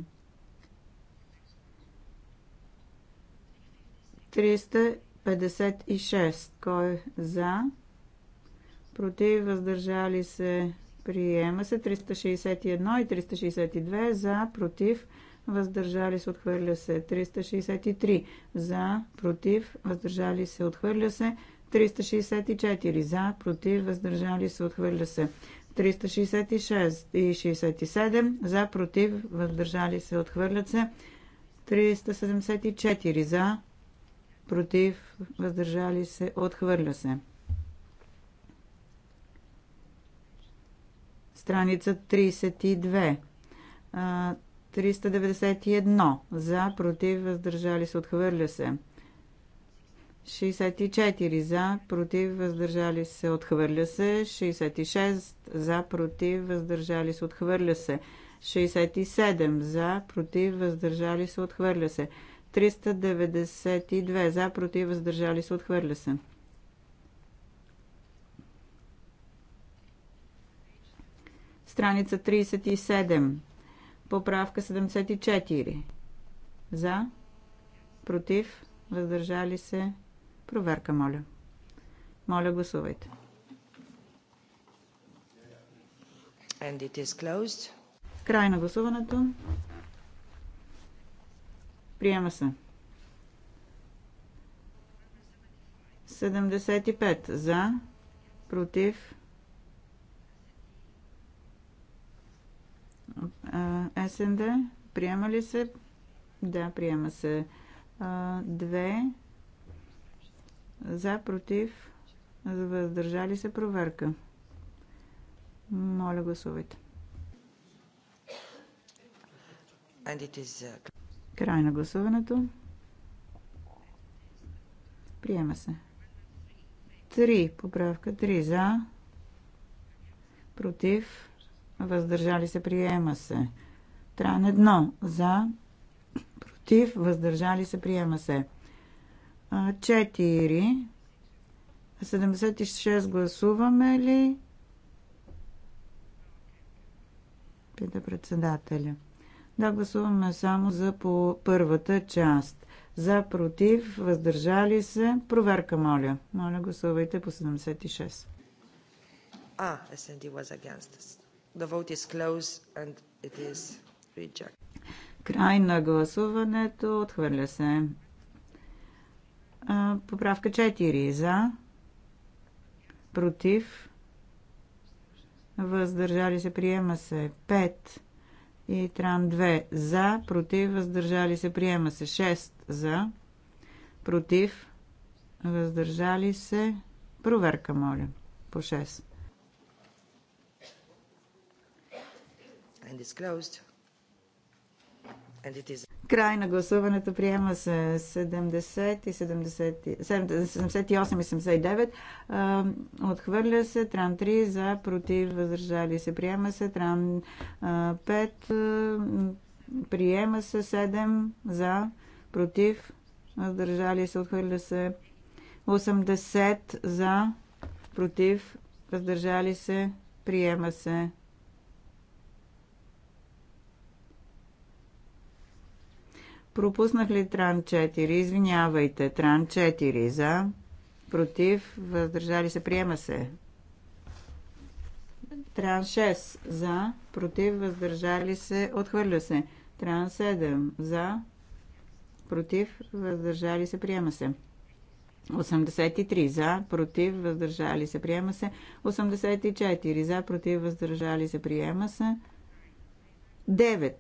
356. Кой е за? Против, въздържали се, приема се. 361 и 362 за, против, въздържали се, отхвърля се. 363 за, против, въздържали се, отхвърля се. 364 за, против, въздържали се, отхвърля се. 366 и 67 за, против, въздържали се, отхвърлят се. 374 за, против, въздържали се, отхвърля се. Страница 32. 391 за, против, въздържали се, отхвърля се. 64 за, против, въздържали се, отхвърля се. 66 за, против, въздържали се, отхвърля се. 67 за, против, въздържали се, отхвърля се. 392 за, против, въздържали се, отхвърля се. Страница 37. Поправка 74. За, против, въздържали се, Проверка, моля. Моля, гласувайте. And it is closed. Край на гласуването. Приема се. 75 за, против СНД. Приема ли се? Да, приема се. 2 за, против, въздържали се проверка. Моля, гласувайте. Uh, Край на гласуването. Приема се. Три. Поправка 3. За. Против. Въздържали се. Приема се. Тран едно. За. Против. Въздържали се. Приема се. 4. 76 гласуваме ли? Пита председателя. Да, гласуваме само за по първата част. За, против, въздържали се. Проверка, моля. Моля, гласувайте по 76. А, SND was against us. The vote is closed and it is rejected. Край на гласуването. Отхвърля се. Поправка 4. За. Против. Въздържали се. Приема се. 5. И тран 2. За. Против. Въздържали се. Приема се. 6. За. Против. Въздържали се. Проверка, моля. По 6. And it's closed. And it is... Край на гласуването приема се 70 и 70, 78 и 79. Отхвърля се. Тран 3 за, против, въздържали се. Приема се. Тран 5. Приема се 7 за, против, въздържали се. Отхвърля се. 80 за, против, въздържали се. Приема се. Пропуснах ли Тран 4? Извинявайте. Тран 4 за. Против. Въздържали се. Приема се. Тран 6 за. Против. Въздържали се. Отхвърля се. Тран 7 за. Против. Въздържали се. Приема се. 83 за, против, въздържали се, приема се. 84 за, против, въздържали се, приема се. 9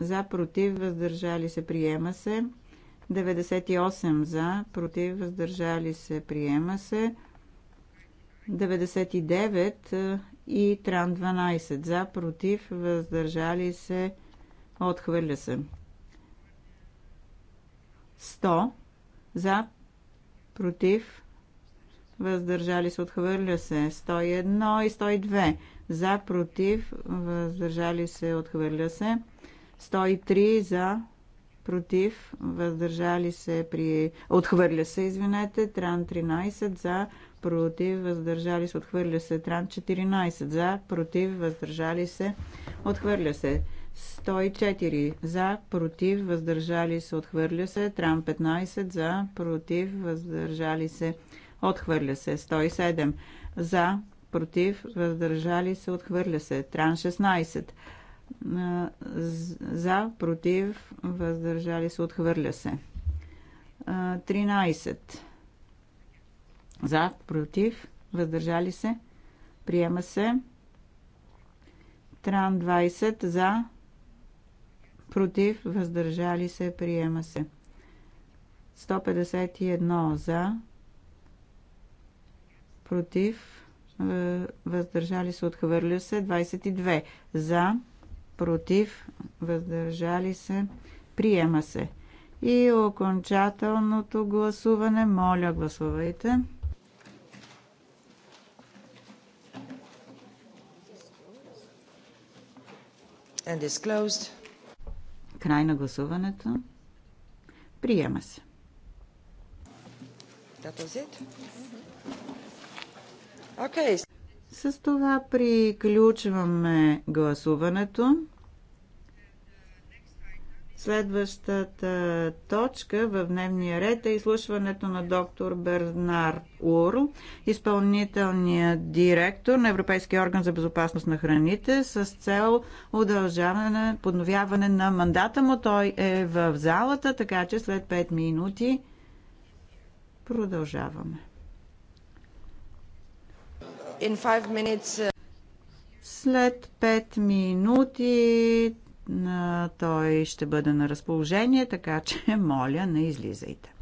за, против, въздържали се, приема се. 98 за, против, въздържали се, приема се. 99 е, и Тран 12 за, против, въздържали се, отхвърля се. 100 за, против, въздържали се, отхвърля се. 101 и 102 за, против, въздържали се, отхвърля се. 103 за, против, въздържали се при... Отхвърля се, извинете, Тран 13 за, против, въздържали се, отхвърля се, Тран 14 за, против, въздържали се, отхвърля се. 104 за, против, въздържали се, отхвърля се, Тран 15 за, против, въздържали се, отхвърля се, 107 за, против, въздържали се, отхвърля се, Тран 16 за, против, въздържали се, отхвърля се. 13. За, против, въздържали се, приема се. Тран 20. За, против, въздържали се, приема се. 151 за, против, въздържали се, отхвърля се. 22 за, против, против, въздържали се, приема се. И окончателното гласуване, моля гласувайте. And is closed. Край на гласуването. Приема се. That was it? Okay. С това приключваме гласуването. Следващата точка в дневния ред е изслушването на доктор Бернар Урл, изпълнителният директор на Европейския орган за безопасност на храните, с цел удължаване, подновяване на мандата му. Той е в залата, така че след 5 минути продължаваме. Uh, След 5 минути той ще бъде на разположение, така че моля, не излизайте.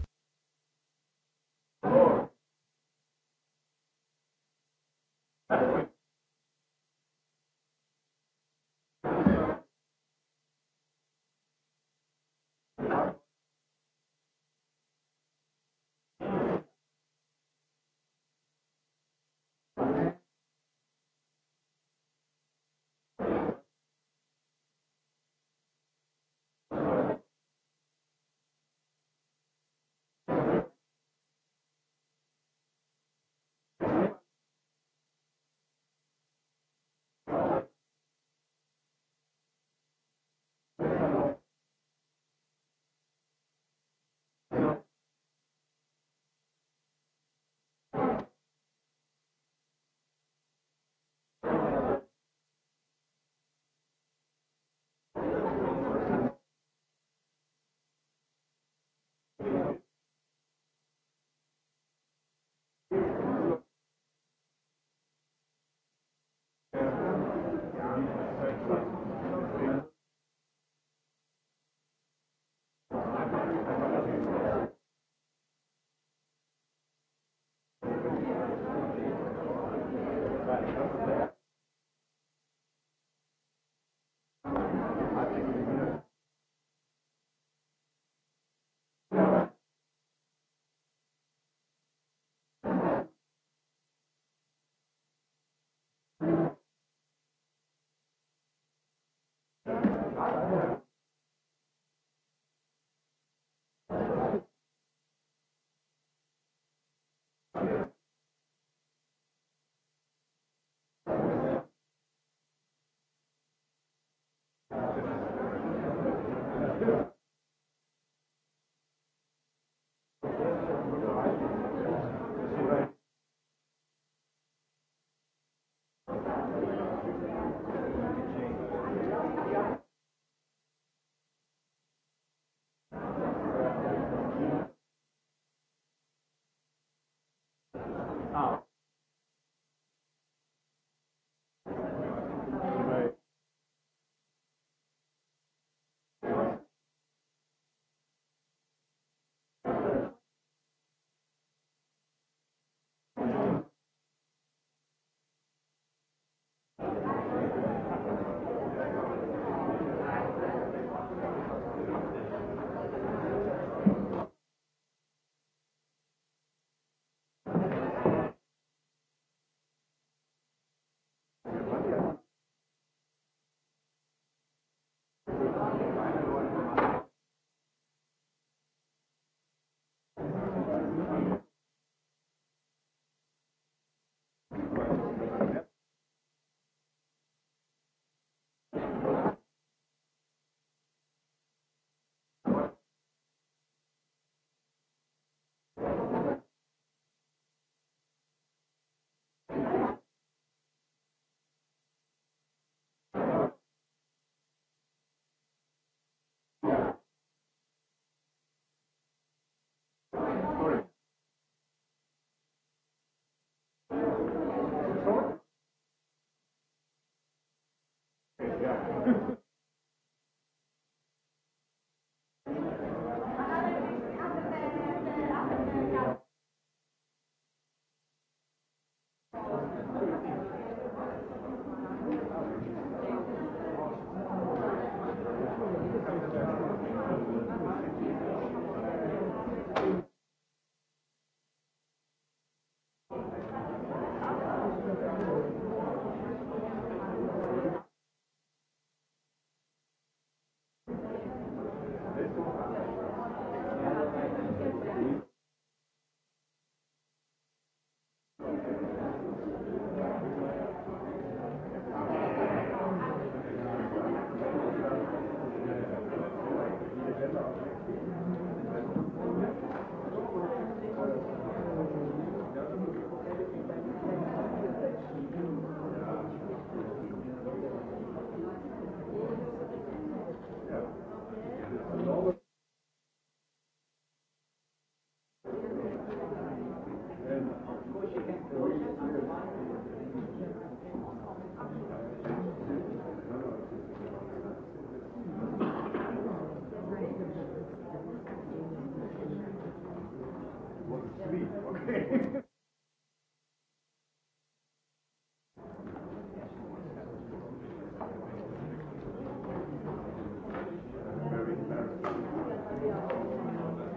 Thank you.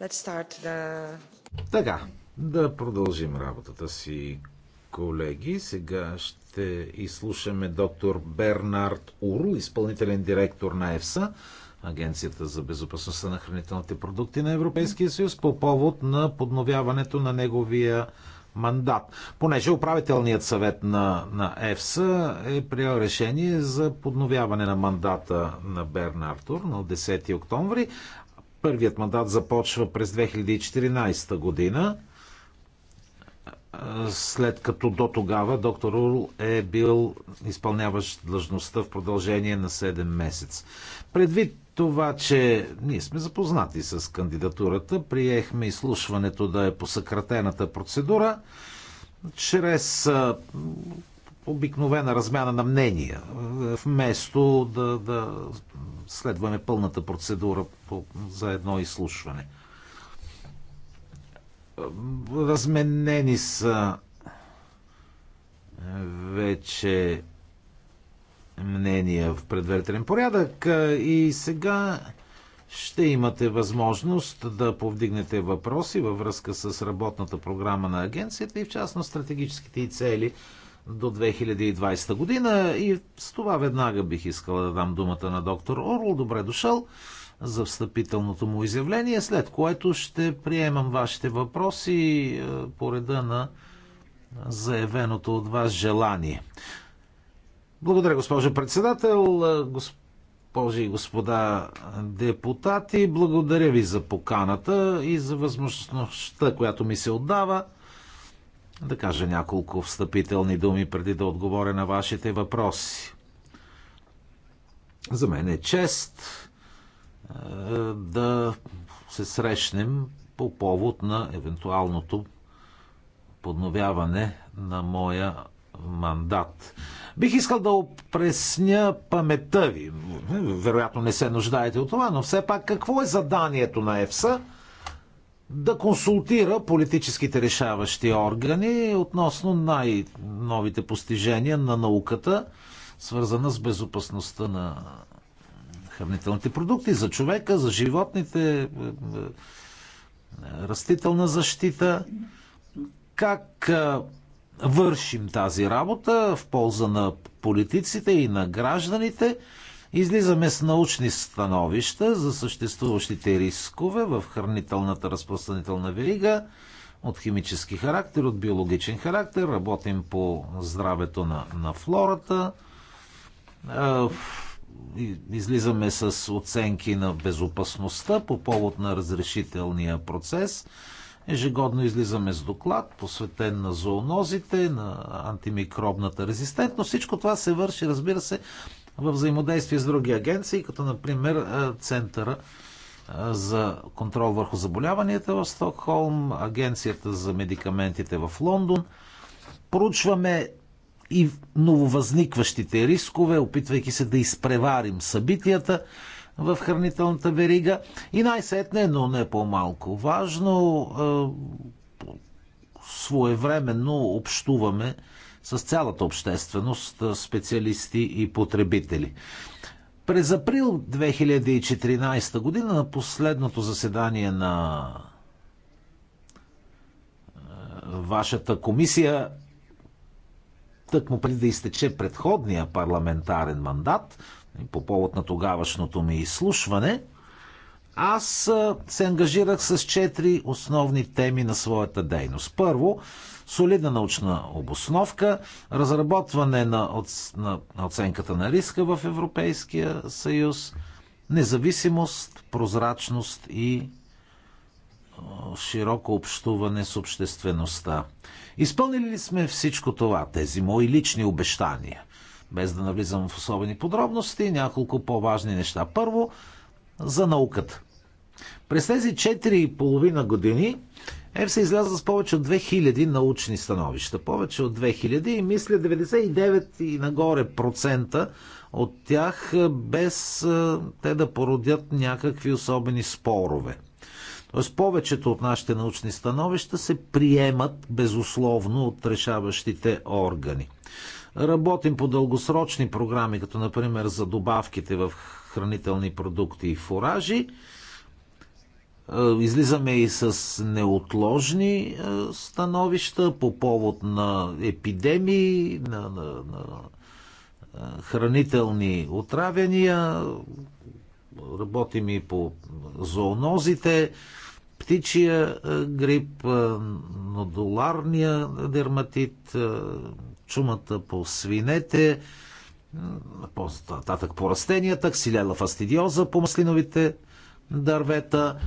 Let's start the... Така, да продължим работата си, колеги. Сега ще изслушаме доктор Бернард Урл, изпълнителен директор на ЕФСА, Агенцията за безопасността на хранителните продукти на Европейския съюз, по повод на подновяването на неговия мандат. Понеже управителният съвет на, на ЕФСА е приел решение за подновяване на мандата на Берн Артур на 10 октомври. Първият мандат започва през 2014 година, след като до тогава доктор Урл е бил изпълняващ длъжността в продължение на 7 месец. Предвид това, че ние сме запознати с кандидатурата, приехме изслушването да е по съкратената процедура, чрез обикновена размяна на мнения, вместо да, да следваме пълната процедура по, за едно изслушване. Разменени са вече мнения в предварителен порядък и сега ще имате възможност да повдигнете въпроси във връзка с работната програма на агенцията и в частност стратегическите и цели до 2020 година. И с това веднага бих искала да дам думата на доктор Орл. Добре дошъл за встъпителното му изявление, след което ще приемам вашите въпроси е, по реда на заявеното от вас желание. Благодаря, госпожо председател, госпожи и господа депутати. Благодаря ви за поканата и за възможността, която ми се отдава да кажа няколко встъпителни думи преди да отговоря на вашите въпроси. За мен е чест е, да се срещнем по повод на евентуалното подновяване на моя мандат. Бих искал да опресня паметта ви. Вероятно не се нуждаете от това, но все пак какво е заданието на ЕФСА да консултира политическите решаващи органи относно най-новите постижения на науката, свързана с безопасността на хранителните продукти за човека, за животните, растителна защита. Как вършим тази работа в полза на политиците и на гражданите. Излизаме с научни становища за съществуващите рискове в хранителната разпространителна верига от химически характер, от биологичен характер. Работим по здравето на, на флората. Излизаме с оценки на безопасността по повод на разрешителния процес Ежегодно излизаме с доклад, посветен на зоонозите, на антимикробната резистентност. Всичко това се върши, разбира се, в взаимодействие с други агенции, като например е, Центъра е, за контрол върху заболяванията в Стокхолм, Агенцията за медикаментите в Лондон. Поручваме и нововъзникващите рискове, опитвайки се да изпреварим събитията в хранителната верига. И най-сетне, но не по-малко важно, своевременно общуваме с цялата общественост, специалисти и потребители. През април 2014 година на последното заседание на вашата комисия, тъкмо преди да изтече предходния парламентарен мандат, по повод на тогавашното ми изслушване, аз се ангажирах с четири основни теми на своята дейност. Първо, солидна научна обосновка, разработване на, оц... на оценката на риска в Европейския съюз, независимост, прозрачност и широко общуване с обществеността. Изпълнили ли сме всичко това, тези мои лични обещания? без да навлизам в особени подробности, няколко по-важни неща. Първо, за науката. През тези 4,5 години се изляза с повече от 2000 научни становища. Повече от 2000 и мисля 99 и нагоре процента от тях е, без е, те да породят някакви особени спорове. Тоест повечето от нашите научни становища се приемат безусловно от решаващите органи. Работим по дългосрочни програми, като например за добавките в хранителни продукти и фуражи. Е, излизаме и с неотложни е, становища по повод на епидемии, на, на, на е, хранителни отравяния. Работим и по зоонозите, птичия грип, нодуларния дерматит, чумата по свинете, по-нататък по растенията, ксилела фастидиоза по маслиновите дървета.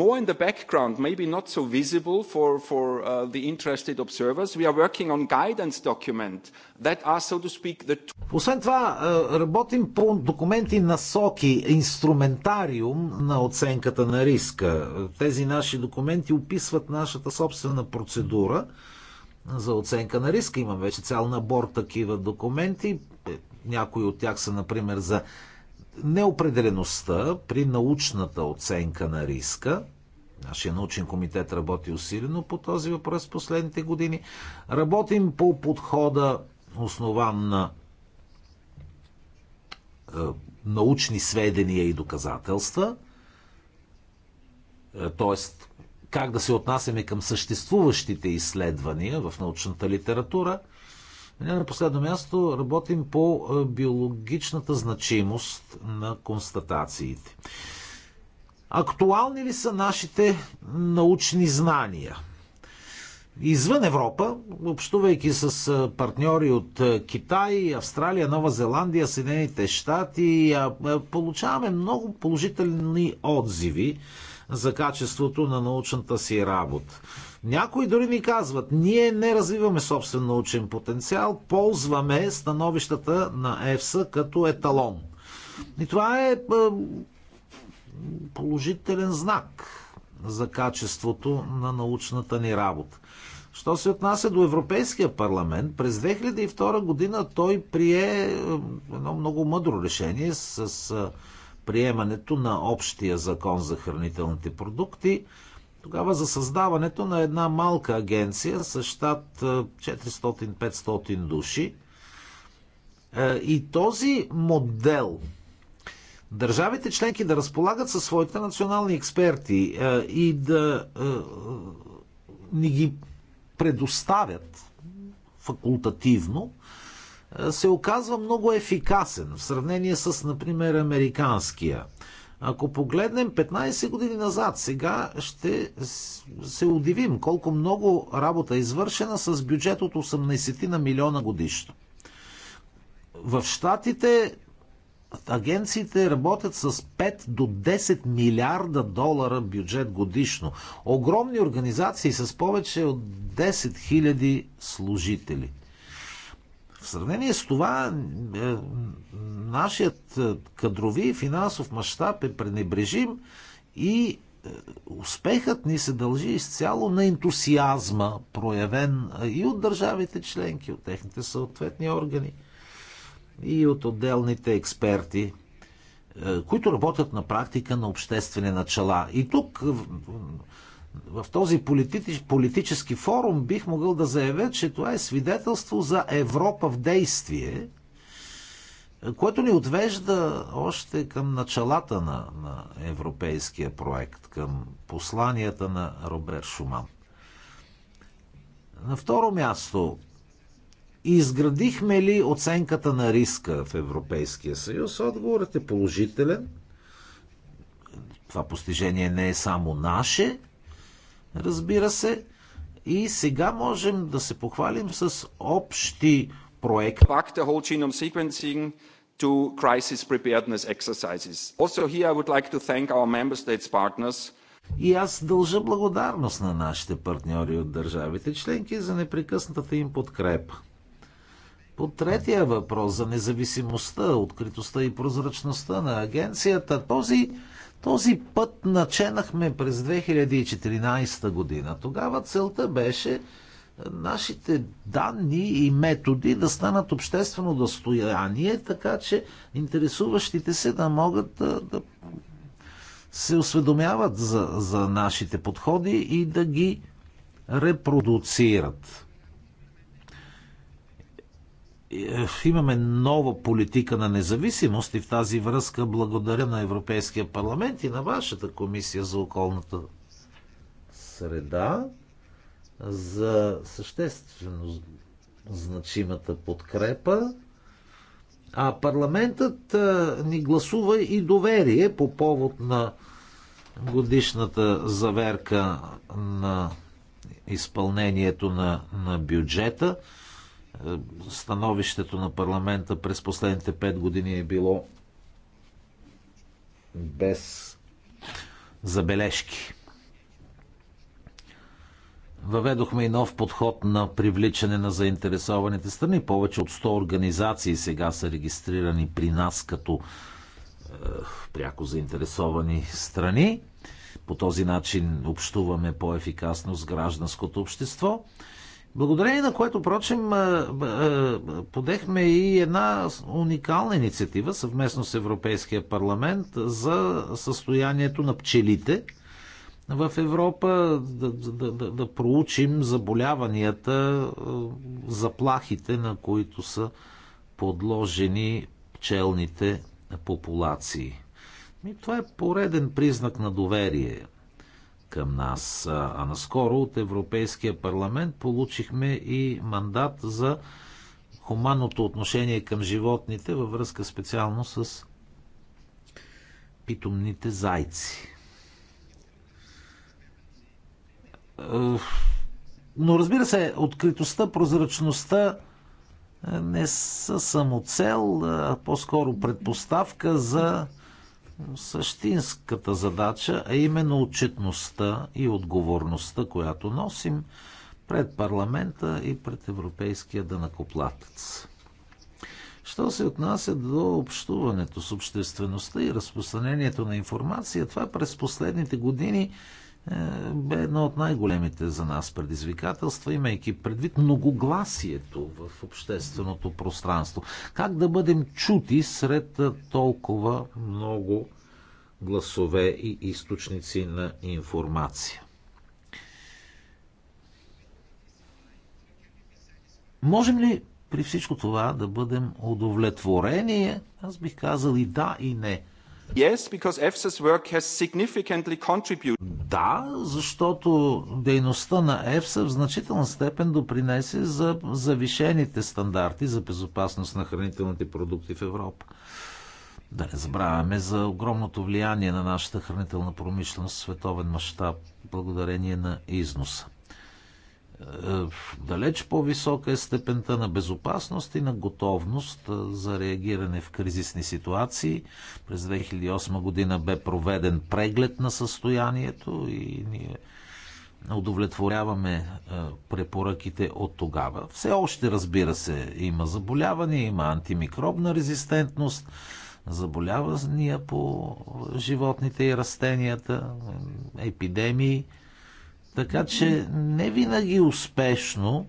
More in the background, maybe not so visible for, for uh, the interested observers, we are working on guidance document that are, so to speak, the... Освен това, е, работим по документи насоки, инструментариум на оценката на риска. Тези наши документи описват нашата собствена процедура, за оценка на риска. Имам вече цял набор такива документи. Е, някои от тях са, например, за неопределеността при научната оценка на риска. Нашия научен комитет работи усилено по този въпрос в последните години. Работим по подхода, основан на е, научни сведения и доказателства, т.е как да се отнасяме към съществуващите изследвания в научната литература. На последно място работим по биологичната значимост на констатациите. Актуални ли са нашите научни знания? Извън Европа, общувайки с партньори от Китай, Австралия, Нова Зеландия, Съединените щати, получаваме много положителни отзиви за качеството на научната си работа. Някои дори ни казват, ние не развиваме собствен научен потенциал, ползваме становищата на ЕФСА като еталон. И това е, е положителен знак за качеството на научната ни работа. Що се отнася до Европейския парламент, през 2002 година той прие е, едно много мъдро решение с е, приемането на общия закон за хранителните продукти, тогава за създаването на една малка агенция с щат 400-500 е, души. Е, и този модел държавите членки да разполагат със своите национални експерти е, и да ни ги предоставят факултативно, се оказва много ефикасен в сравнение с, например, американския. Ако погледнем 15 години назад, сега ще се удивим колко много работа е извършена с бюджет от 18 на милиона годишно. В Штатите агенциите работят с 5 до 10 милиарда долара бюджет годишно. Огромни организации с повече от 10 000 служители. В сравнение с това, е, нашият е, кадрови и финансов мащаб е пренебрежим и е, успехът ни се дължи изцяло на ентусиазма, проявен и от държавите членки, от техните съответни органи и от отделните експерти, които работят на практика на обществени начала. И тук в този политич, политически форум бих могъл да заявя, че това е свидетелство за Европа в действие, което ни отвежда още към началата на, на европейския проект, към посланията на Робер Шуман. На второ място, изградихме ли оценката на риска в Европейския съюз? Отговорът е положителен. Това постижение не е само наше, разбира се. И сега можем да се похвалим с общи проекти. Back the whole genome sequencing to crisis preparedness exercises. Also here I would like to thank our member states partners и аз дължа благодарност на нашите партньори от държавите членки за непрекъснатата им подкрепа. По третия въпрос за независимостта, откритостта и прозрачността на агенцията, този този път наченахме през 2014 година. Тогава целта беше е, нашите данни и методи да станат обществено достояние, така че интересуващите се да могат да, е, да се осведомяват за, за нашите подходи и да ги репродуцират имаме нова политика на независимост и в тази връзка благодаря на Европейския парламент и на вашата комисия за околната среда за съществено значимата подкрепа. А парламентът ни гласува и доверие по повод на годишната заверка на изпълнението на, на бюджета – Становището на парламента през последните пет години е било без забележки. Въведохме и нов подход на привличане на заинтересованите страни. Повече от 100 организации сега са регистрирани при нас като е, пряко заинтересовани страни. По този начин общуваме по-ефикасно с гражданското общество. Благодарение на което, впрочем, подехме и една уникална инициатива съвместно с Европейския парламент за състоянието на пчелите в Европа, да, да, да, да проучим заболяванията, заплахите, на които са подложени пчелните популации. И това е пореден признак на доверие към нас. А наскоро от Европейския парламент получихме и мандат за хуманното отношение към животните във връзка специално с питомните зайци. Е, но разбира се, откритостта, прозрачността е, не са само цел, а по-скоро предпоставка за същинската задача, а е именно отчетността и отговорността, която носим пред парламента и пред европейския дънакоплатец. Що се отнася до общуването с обществеността и разпространението на информация, това е през последните години е, бе едно от най-големите за нас предизвикателства, имайки предвид многогласието в общественото пространство. Как да бъдем чути сред е, толкова много гласове и източници на информация? Можем ли при всичко това да бъдем удовлетворени? Аз бих казал и да, и не. Yes, because EFSA's work has significantly contributed. Да, защото дейността на ЕФСА в значителна степен допринесе за завишените стандарти за безопасност на хранителните продукти в Европа. Да не забравяме за огромното влияние на нашата хранителна промишленост в световен мащаб, благодарение на износа. Е, далеч по-висока е степента на безопасност и на готовност е, за реагиране в кризисни ситуации. През 2008 година бе проведен преглед на състоянието и ние удовлетворяваме е, препоръките от тогава. Все още, разбира се, има заболявания, има антимикробна резистентност, заболявания по животните и растенията, епидемии – така че не винаги успешно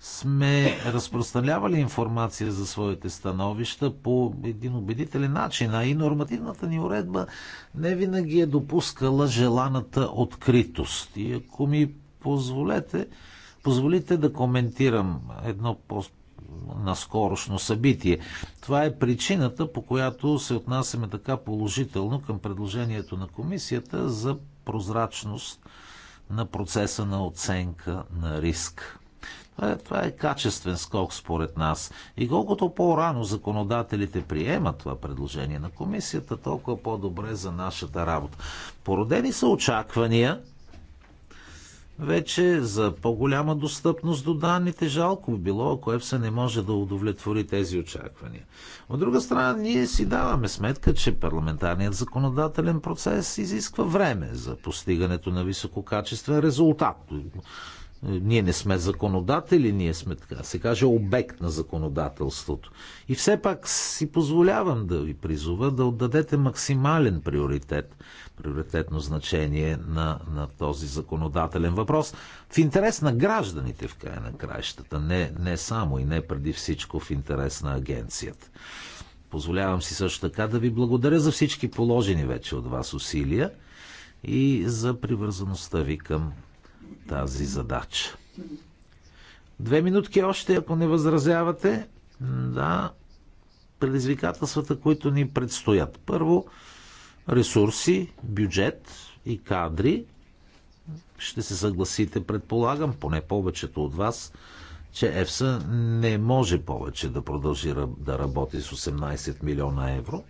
сме разпространявали информация за своите становища по един убедителен начин, а и нормативната ни уредба не винаги е допускала желаната откритост. И ако ми позволете, позволите да коментирам едно по наскорошно събитие. Това е причината, по която се отнасяме така положително към предложението на комисията за прозрачност на процеса на оценка на риск. Е, това е, качествен скок според нас. И колкото по-рано законодателите приемат това предложение на комисията, толкова по-добре за нашата работа. Породени са очаквания, вече за по-голяма достъпност до данните. Жалко би било, ако ЕПСА не може да удовлетвори тези очаквания. От друга страна, ние си даваме сметка, че парламентарният законодателен процес изисква време за постигането на висококачествен резултат. Ние не сме законодатели, ние сме, така се каже, обект на законодателството. И все пак си позволявам да ви призова да отдадете максимален приоритет, приоритетно значение на, на този законодателен въпрос в интерес на гражданите в края на краищата, не, не само и не преди всичко в интерес на агенцията. Позволявам си също така да ви благодаря за всички положени вече от вас усилия и за привързаността ви към тази задача. Две минутки още, ако не възразявате. Да, предизвикателствата, които ни предстоят. Първо, ресурси, бюджет и кадри. Ще се съгласите, предполагам, поне повечето от вас, че ЕФСА не може повече да продължи да работи с 18 милиона евро.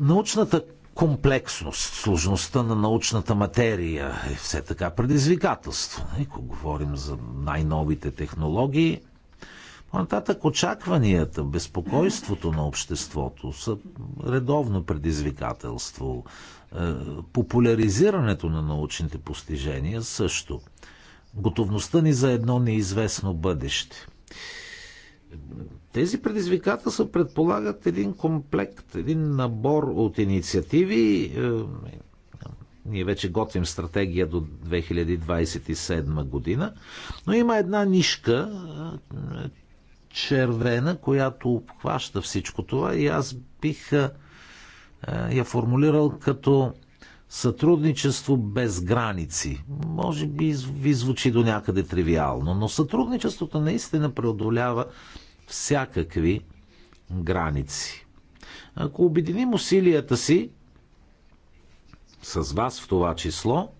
Научната комплексност, сложността на научната материя е все така предизвикателство. Ако говорим за най-новите технологии, по-нататък очакванията, безпокойството на обществото са редовно предизвикателство. Е, популяризирането на научните постижения също. Готовността ни за едно неизвестно бъдеще тези предизвикателства предполагат един комплект, един набор от инициативи. Е, ние вече готвим стратегия до 2027 година, но има една нишка е, червена, която обхваща всичко това и аз бих е, я формулирал като сътрудничество без граници. Може би ви звучи до някъде тривиално, но сътрудничеството наистина преодолява всякакви граници. Ако обединим усилията си, с вас в това число,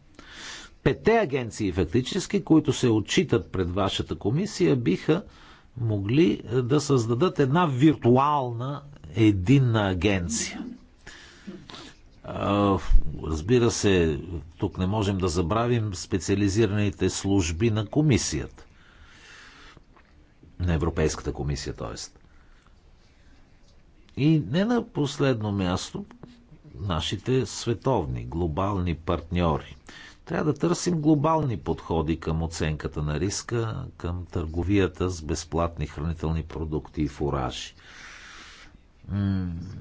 пете агенции фактически, които се отчитат пред вашата комисия, биха могли е, да създадат една виртуална единна агенция. Разбира се, тук не можем да забравим специализираните служби на комисията на Европейската комисия, т.е. И не на последно място, нашите световни, глобални партньори. Трябва да търсим глобални подходи към оценката на риска, към търговията с безплатни хранителни продукти и фуражи.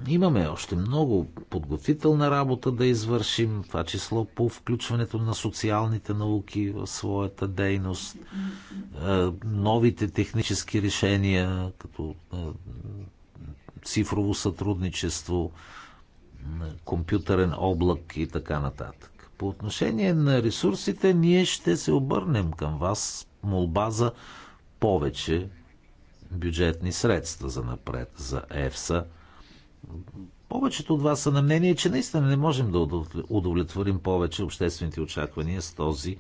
Имаме още много подготвителна работа да извършим, това число по включването на социалните науки в своята дейност, е, новите технически решения, като е, цифрово сътрудничество, компютърен облак и така нататък. По отношение на ресурсите, ние ще се обърнем към вас молба за повече бюджетни средства за напред, за ЕФСА. Повечето от вас са на мнение, че наистина не можем да удовлетворим повече обществените очаквания с този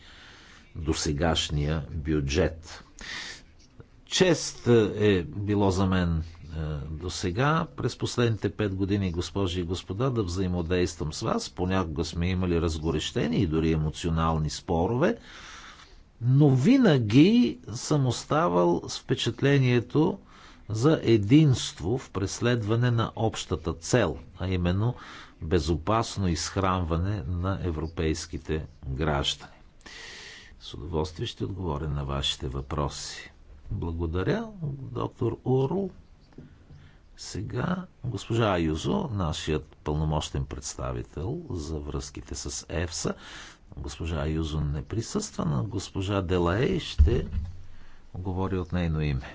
досегашния бюджет. Чест е, е било за мен е, до сега, през последните пет години, госпожи и господа, да взаимодействам с вас. Понякога сме имали разгорещени и дори емоционални спорове но винаги съм оставал с впечатлението за единство в преследване на общата цел, а именно безопасно изхранване на европейските граждани. С удоволствие ще отговоря на вашите въпроси. Благодаря, доктор Урл. Сега госпожа Аюзо, нашият пълномощен представител за връзките с ЕФСА, Госпожа Юзун не присъства, но госпожа Делае ще говори от нейно име.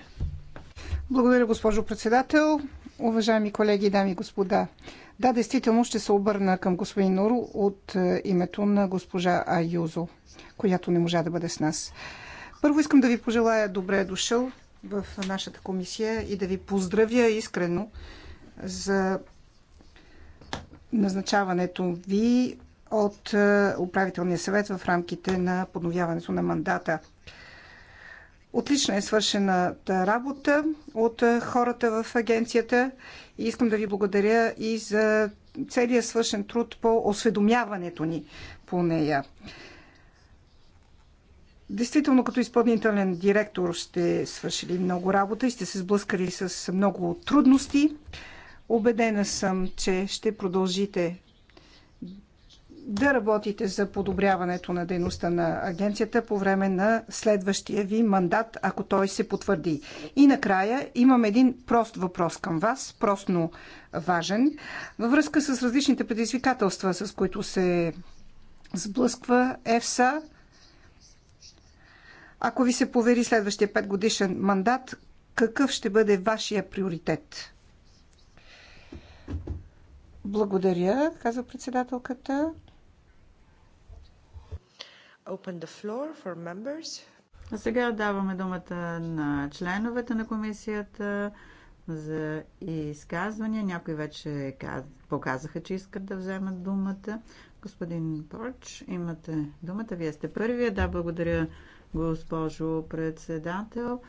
Благодаря, госпожо председател. Уважаеми колеги, дами и господа. Да, действително ще се обърна към господин Норо от е, името на госпожа Аюзо, която не можа да бъде с нас. Първо искам да ви пожелая добре дошъл в нашата комисия и да ви поздравя искрено за назначаването ви от е, управителния съвет в рамките на подновяването на мандата. Отлично е свършената работа от е, хората в агенцията и искам да ви благодаря и за целият свършен труд по осведомяването ни по нея. Действително, като изпълнителен директор сте свършили много работа и сте се сблъскали с много трудности. Обедена съм, че ще продължите да работите за подобряването на дейността на агенцията по време на следващия ви мандат, ако той се потвърди. И накрая имам един прост въпрос към вас, просто важен, във връзка с различните предизвикателства, с които се сблъсква ЕФСА. Ако ви се повери следващия петгодишен мандат, какъв ще бъде вашия приоритет? Благодаря, каза председателката open the floor for members. А сега даваме думата на членовете на комисията за изказвания. Някои вече показаха, че искат да вземат думата. Господин Порч, имате думата. Вие сте първия. Да, благодаря, госпожо председател.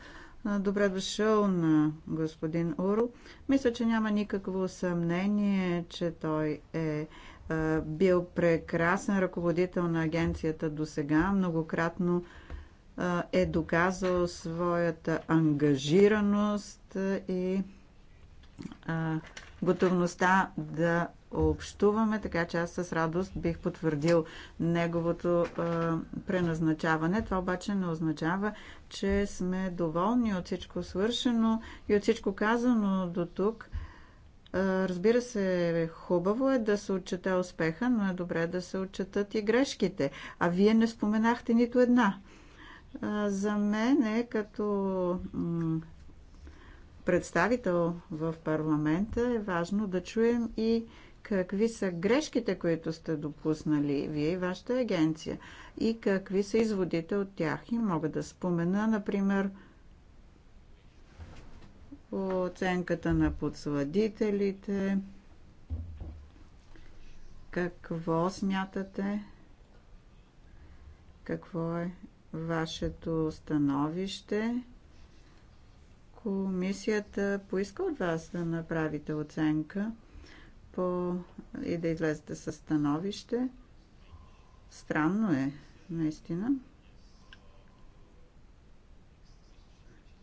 Добре дошъл на господин Урл. Мисля, че няма никакво съмнение, че той е е, бил прекрасен ръководител на агенцията до сега. Многократно е, е доказал своята ангажираност и е, готовността да общуваме, така че аз с радост бих потвърдил неговото преназначаване. Това обаче не означава, че сме доволни от всичко свършено и от всичко казано до тук. Разбира се, хубаво е да се отчете успеха, но е добре да се отчетат и грешките. А вие не споменахте нито една. За мен е като представител в парламента е важно да чуем и какви са грешките, които сте допуснали вие и вашата агенция и какви са изводите от тях. И мога да спомена, например, оценката на подсладителите. Какво смятате? Какво е вашето становище? Комисията поиска от вас да направите оценка по... и да излезете със становище. Странно е, наистина.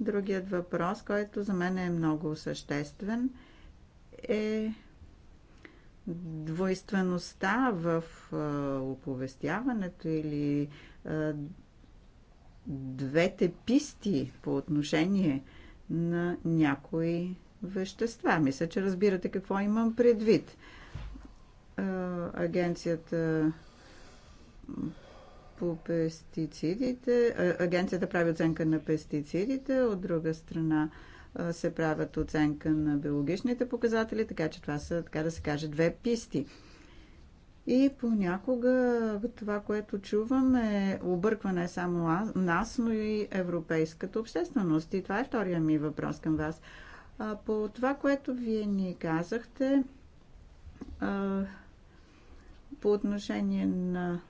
Другият въпрос, който за мен е много съществен, е двойствеността в оповестяването или двете писти по отношение на някои вещества. Мисля, че разбирате какво имам предвид. Агенцията по пестицидите, агенцията прави оценка на пестицидите, от друга страна се правят оценка на биологичните показатели, така че това са, така да се каже, две писти. И понякога това, което чувам е не само нас, но и европейската общественост. И това е втория ми въпрос към вас. по това, което вие ни казахте по отношение на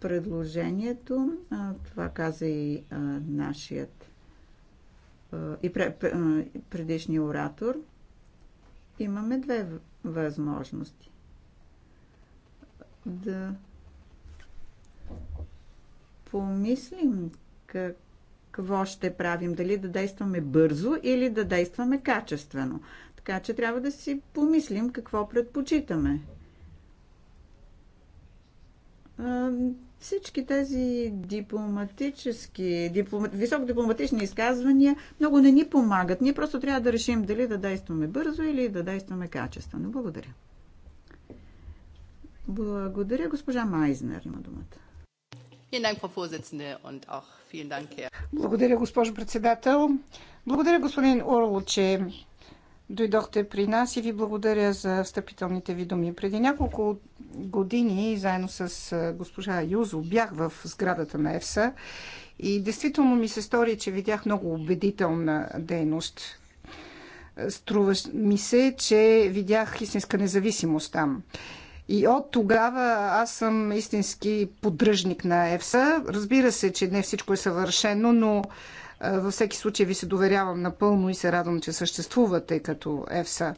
предложението. Това каза и нашият и предишния оратор. Имаме две възможности. Да помислим какво ще правим. Дали да действаме бързо или да действаме качествено. Така че трябва да си помислим какво предпочитаме всички тези дипломатически, диплом, високо дипломатични изказвания много не ни помагат. Ние просто трябва да решим дали да действаме бързо или да действаме качествено. Благодаря. Благодаря, госпожа Майзнер има думата. Благодаря, госпожо председател. Благодаря, господин Орло, че дойдохте при нас и ви благодаря за встъпителните ви думи. Преди няколко години, заедно с госпожа Юзо, бях в сградата на ЕФСА и действително ми се стори, че видях много убедителна дейност. Струва ми се, че видях истинска независимост там. И от тогава аз съм истински поддръжник на ЕФСА. Разбира се, че не всичко е съвършено, но във всеки случай ви се доверявам напълно и се радвам, че съществувате като ЕФСА.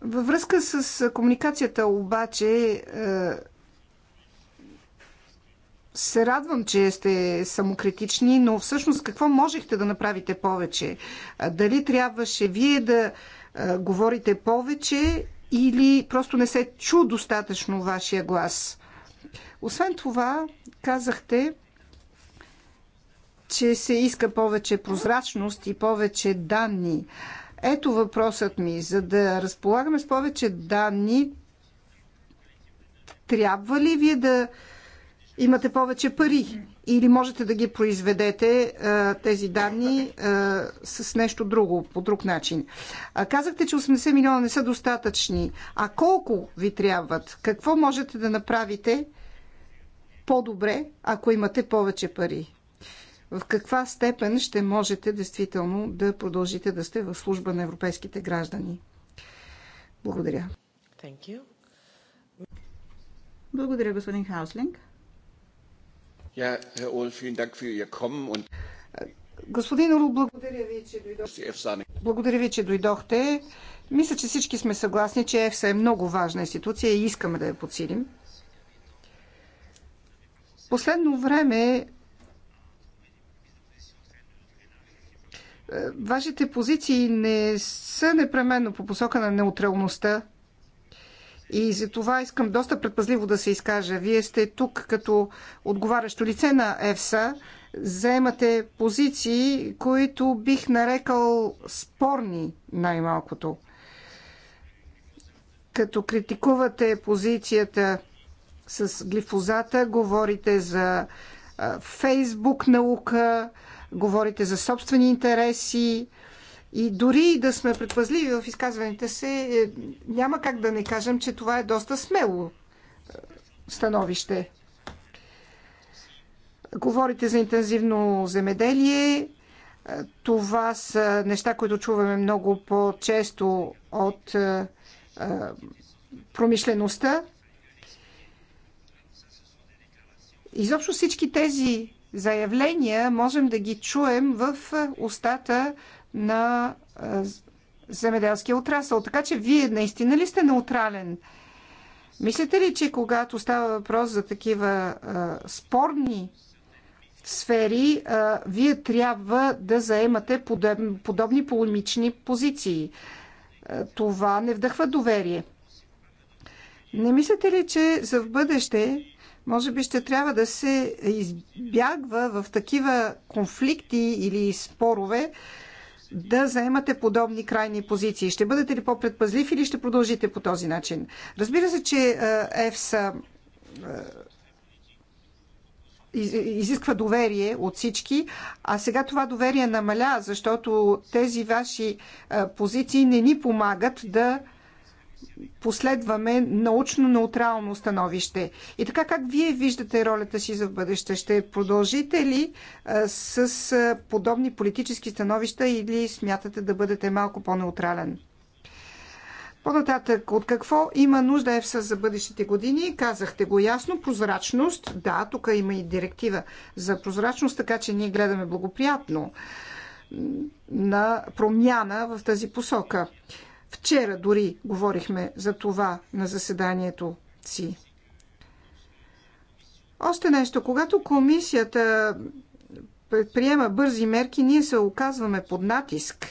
Във връзка с комуникацията обаче се радвам, че сте самокритични, но всъщност какво можехте да направите повече? Дали трябваше вие да говорите повече или просто не се чу достатъчно вашия глас? Освен това, казахте, че се иска повече прозрачност и повече данни. Ето въпросът ми. За да разполагаме с повече данни, трябва ли вие да имате повече пари? Или можете да ги произведете е, тези данни е, с нещо друго, по друг начин? Казахте, че 80 милиона не са достатъчни. А колко ви трябват? Какво можете да направите по-добре, ако имате повече пари? в каква степен ще можете действително да продължите да сте в служба на европейските граждани. Благодаря. Thank you. Благодаря, господин Хауслинг. Yeah, господин Орл, благодаря ви, че дойдохте. Благодаря ви, че дойдохте. Мисля, че всички сме съгласни, че ЕФСА е много важна институция и искаме да я подсилим. Последно време Е, вашите позиции не са непременно по посока на неутралността. И за това искам доста предпазливо да се изкажа. Вие сте тук като отговарящо лице на ЕФСА, заемате позиции, които бих нарекал спорни най-малкото. Като критикувате позицията с глифозата, говорите за Фейсбук наука, говорите за собствени интереси и дори да сме предпазливи в изказваните се, е, няма как да не кажем, че това е доста смело е, становище. Говорите за интензивно земеделие. Е, това са неща, които чуваме много по-често от промишлеността. Изобщо всички тези заявления можем да ги чуем в е, устата на е, земеделския отрасъл. Така че вие наистина ли сте неутрален? Мислите ли, че когато става въпрос за такива а, е, спорни сфери, а, вие трябва да заемате подоб, подобни полемични позиции? А, това не вдъхва доверие. Не мислите ли, че за в бъдеще може би ще трябва да се избягва в такива конфликти или спорове да заемате подобни крайни позиции. Ще бъдете ли по-предпазлив или ще продължите по този начин? Разбира се, че ЕФСА изисква доверие от всички, а сега това доверие намаля, защото тези ваши позиции не ни помагат да последваме научно-неутрално становище. И така как вие виждате ролята си за бъдеще? Ще продължите ли а, с а, подобни политически становища или смятате да бъдете малко по-неутрален? По-нататък, от какво има нужда ЕФСА за бъдещите години? Казахте го ясно. Прозрачност. Да, тук има и директива за прозрачност, така че ние гледаме благоприятно на промяна в тази посока. Вчера дори говорихме за това на заседанието си. Още нещо. Когато комисията предприема бързи мерки, ние се оказваме под натиск.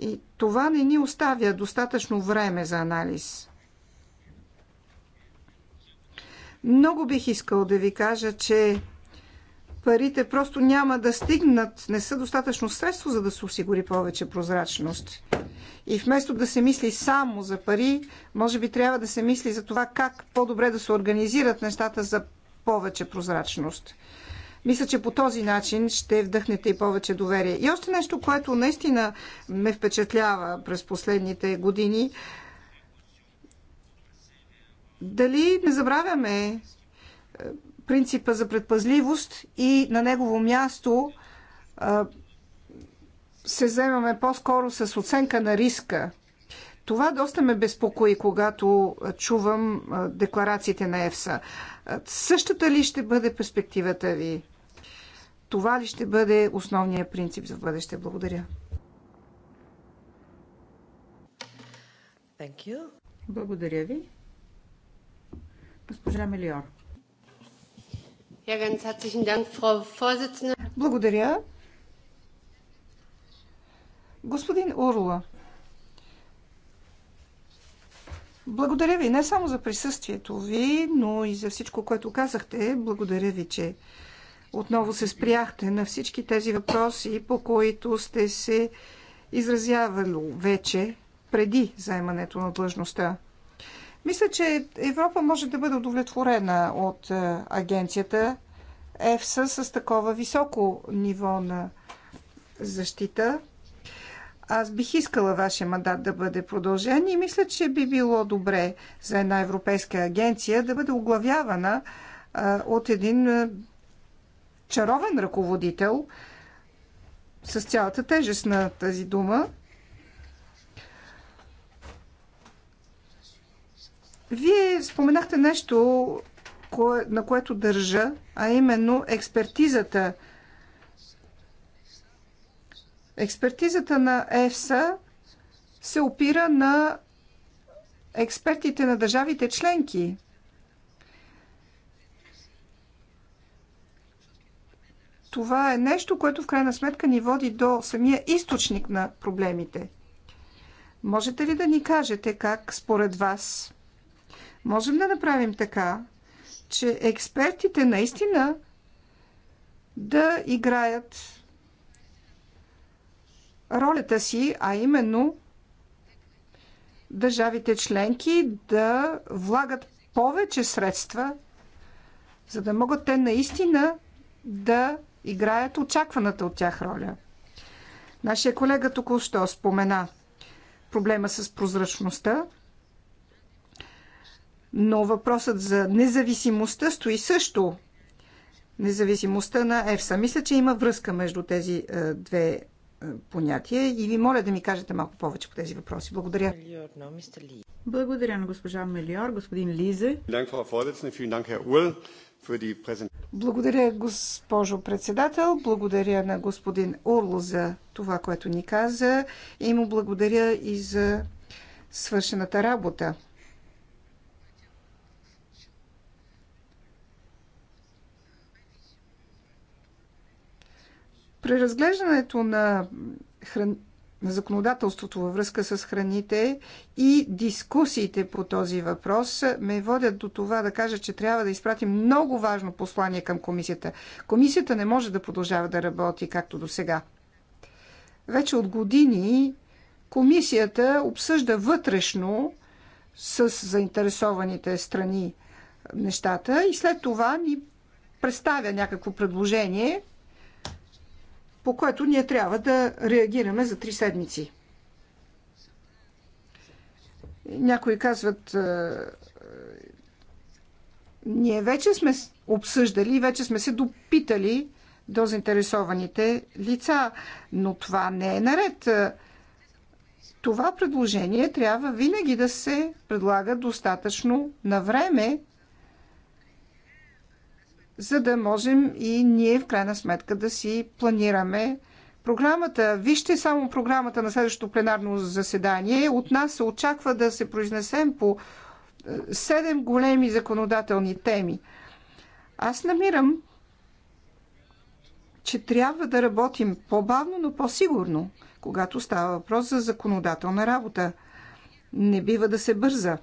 И това не ни оставя достатъчно време за анализ. Много бих искал да ви кажа, че парите просто няма да стигнат, не са достатъчно средство, за да се осигури повече прозрачност. И вместо да се мисли само за пари, може би трябва да се мисли за това как по-добре да се организират нещата за повече прозрачност. Мисля, че по този начин ще вдъхнете и повече доверие. И още нещо, което наистина ме впечатлява през последните години. Дали не забравяме принципа за предпазливост и на негово място се вземаме по-скоро с оценка на риска. Това доста ме безпокои, когато чувам декларациите на ЕФСА. Същата ли ще бъде перспективата ви? Това ли ще бъде основният принцип за бъдеще? Благодаря. Thank you. Благодаря ви. Госпожа Мелиор. Благодаря. Господин Урла, благодаря ви не само за присъствието ви, но и за всичко, което казахте. Благодаря ви, че отново се спряхте на всички тези въпроси, по които сте се изразявали вече преди заемането на длъжността. Мисля, че Европа може да бъде удовлетворена от е, агенцията ЕФСА с такова високо ниво на защита. Аз бих искала вашия мандат да бъде продължен и мисля, че би било добре за една европейска агенция да бъде оглавявана е, от един е, чаровен ръководител с цялата тежест на тази дума, Вие споменахте нещо, на което държа, а именно експертизата. Експертизата на ЕФСА се опира на експертите на държавите членки. Това е нещо, което в крайна сметка ни води до самия източник на проблемите. Можете ли да ни кажете как според вас можем да направим така, че експертите наистина да играят ролята си, а именно държавите членки да влагат повече средства, за да могат те наистина да играят очакваната от тях роля. Нашия колега току-що спомена проблема с прозрачността – но въпросът за независимостта стои също. Независимостта на ЕФСА. Мисля, че има връзка между тези е, две е, понятия и ви моля да ми кажете малко повече по тези въпроси. Благодаря. Благодаря на госпожа Мелиор, господин Лизе. Благодаря, госпожо председател. Благодаря на господин Урло за това, което ни каза и му благодаря и за свършената работа. Преразглеждането на, хран... на законодателството във връзка с храните и дискусиите по този въпрос ме водят до това да кажа, че трябва да изпратим много важно послание към комисията. Комисията не може да продължава да работи както до сега. Вече от години комисията обсъжда вътрешно с заинтересованите страни нещата и след това ни представя някакво предложение – по което ние трябва да реагираме за три седмици. Някои казват, е, ние вече сме обсъждали, вече сме се допитали до заинтересованите лица, но това не е наред. Е, това предложение трябва винаги да се предлага достатъчно на време за да можем и ние в крайна сметка да си планираме програмата. Вижте само програмата на следващото пленарно заседание. От нас се очаква да се произнесем по е, седем големи законодателни теми. Аз намирам, че трябва да работим по-бавно, но по-сигурно, когато става въпрос за законодателна работа. Не бива да се бърза.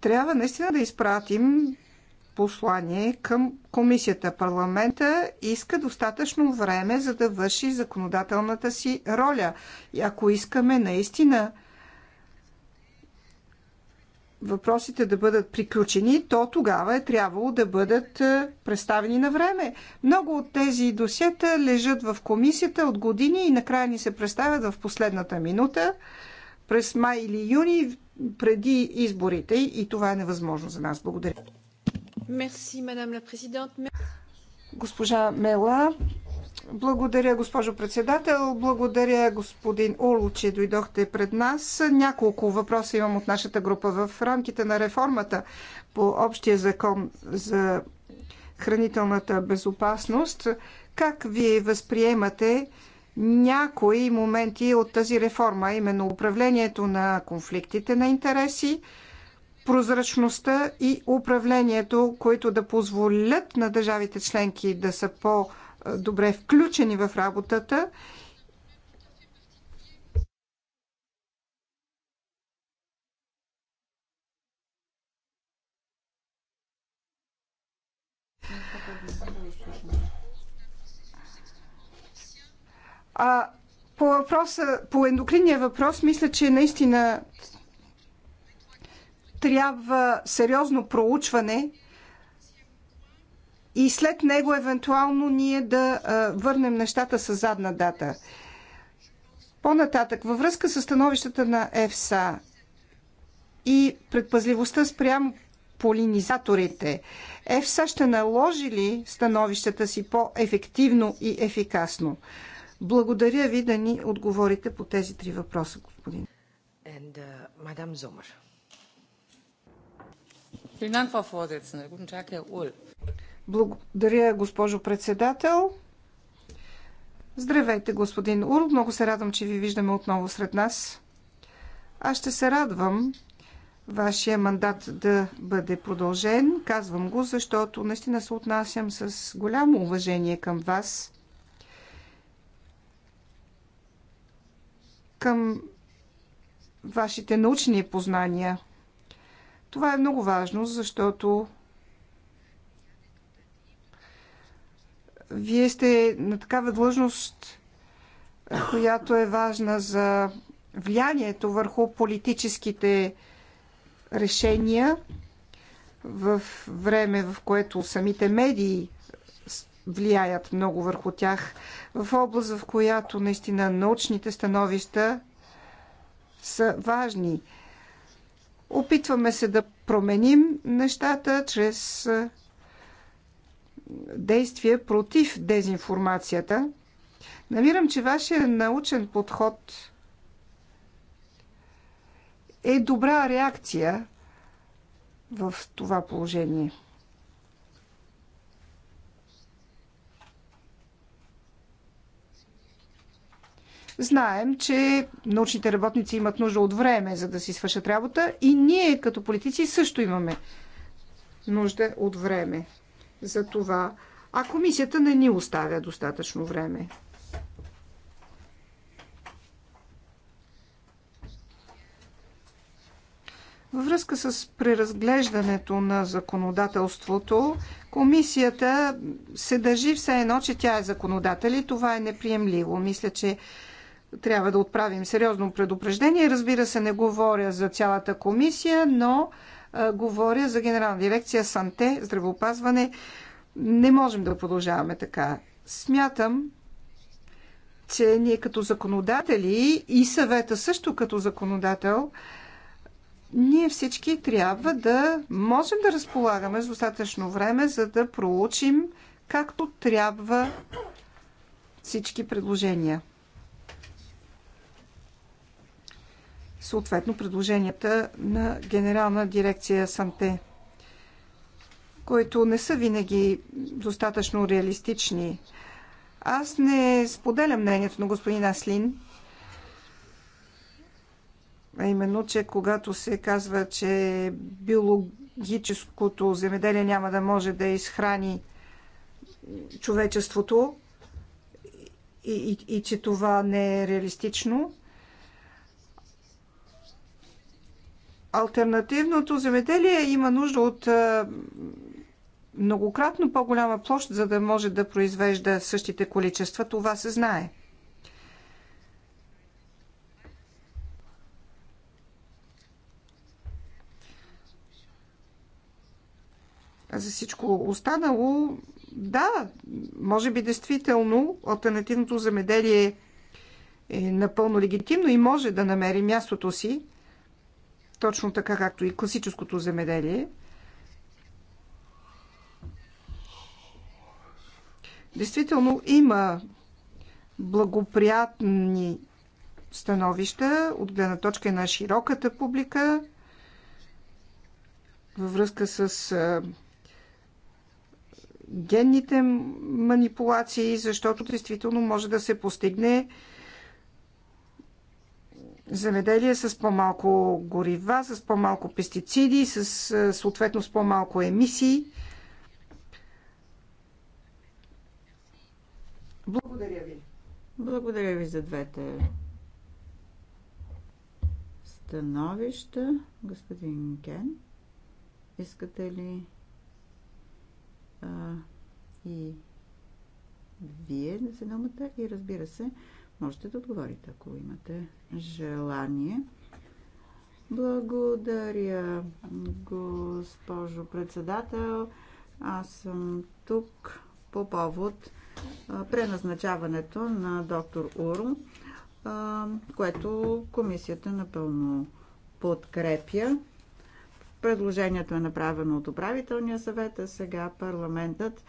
трябва наистина да изпратим послание към комисията. Парламента иска достатъчно време, за да върши законодателната си роля. И ако искаме наистина въпросите да бъдат приключени, то тогава е трябвало да бъдат е, представени на време. Много от тези досета лежат в комисията от години и накрая ни се представят в последната минута. През май или юни преди изборите и това е невъзможно за нас. Благодаря. Мерси, мадам ла президент. Госпожа Мела, благодаря, госпожо председател. Благодаря, господин Оло, че дойдохте пред нас. Няколко въпроса имам от нашата група. В рамките на реформата по общия закон за хранителната безопасност, как вие възприемате някои моменти от тази реформа, именно управлението на конфликтите на интереси, прозрачността и управлението, които да позволят на държавите членки да са по- добре включени в работата А по, въпроса, по ендокринния въпрос, мисля, че наистина трябва сериозно проучване и след него евентуално ние да върнем нещата с задна дата. По-нататък, във връзка с становищата на ЕФСА и предпазливостта спрямо полинизаторите, ЕФСА ще наложи ли становищата си по-ефективно и ефикасно? Благодаря ви да ни отговорите по тези три въпроса, господин. And, uh, мадам Зомър. Благодаря, госпожо председател. Здравейте, господин Урл. Много се радвам, че ви виждаме отново сред нас. Аз ще се радвам вашия мандат да бъде продължен. Казвам го, защото наистина се отнасям с голямо уважение към вас. към вашите научни познания. Това е много важно, защото вие сте на такава длъжност, която е важна за влиянието върху политическите решения в време, в което самите медии влияят много върху тях. В област, в която наистина научните становища са важни. Опитваме се да променим нещата чрез действие против дезинформацията. Намирам, че вашия научен подход е добра реакция в това положение. Знаем, че научните работници имат нужда от време, за да си свършат работа и ние като политици също имаме нужда от време за това, а комисията не ни оставя достатъчно време. Във връзка с преразглеждането на законодателството, комисията се държи все едно, че тя е законодател и това е неприемливо. Мисля, че трябва да отправим сериозно предупреждение. Разбира се, не говоря за цялата комисия, но а, говоря за Генерална дирекция Санте, здравеопазване. Не можем да продължаваме така. Смятам, че ние като законодатели и съвета също като законодател, ние всички трябва да можем да разполагаме с достатъчно време, за да проучим както трябва всички предложения. съответно предложенията на Генерална дирекция Санте, които не са винаги достатъчно реалистични. Аз не споделям мнението на господин Аслин, а именно, че когато се казва, че биологическото земеделие няма да може да изхрани човечеството и, и, и че това не е реалистично, Алтернативното земеделие има нужда от е, многократно по-голяма площ, за да може да произвежда същите количества. Това се знае. за всичко останало, да, може би действително альтернативното земеделие е напълно легитимно и може да намери мястото си точно така както и класическото земеделие. Действително има благоприятни становища от гледна точка на широката публика във връзка с генните манипулации, защото действително може да се постигне земеделие с по-малко горива, с по-малко пестициди, с е, съответно с по-малко емисии. Благодаря ви. Благодаря ви за двете становища. Господин Ген, искате ли а, и вие да се думата и разбира се, Можете да отговорите, ако имате желание. Благодаря, госпожо председател. Аз съм тук по повод преназначаването на доктор Уру, което комисията напълно подкрепя. Предложението е направено от управителния съвет, а сега парламентът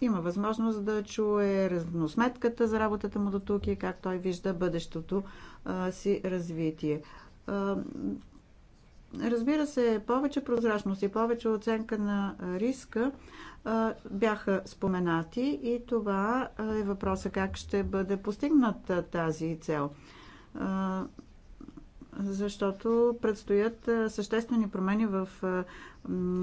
има възможност да чуе разносметката за работата му до тук и как той вижда бъдещото си развитие. Разбира се, повече прозрачност и повече оценка на риска бяха споменати и това е въпроса как ще бъде постигната тази цел. Защото предстоят съществени промени в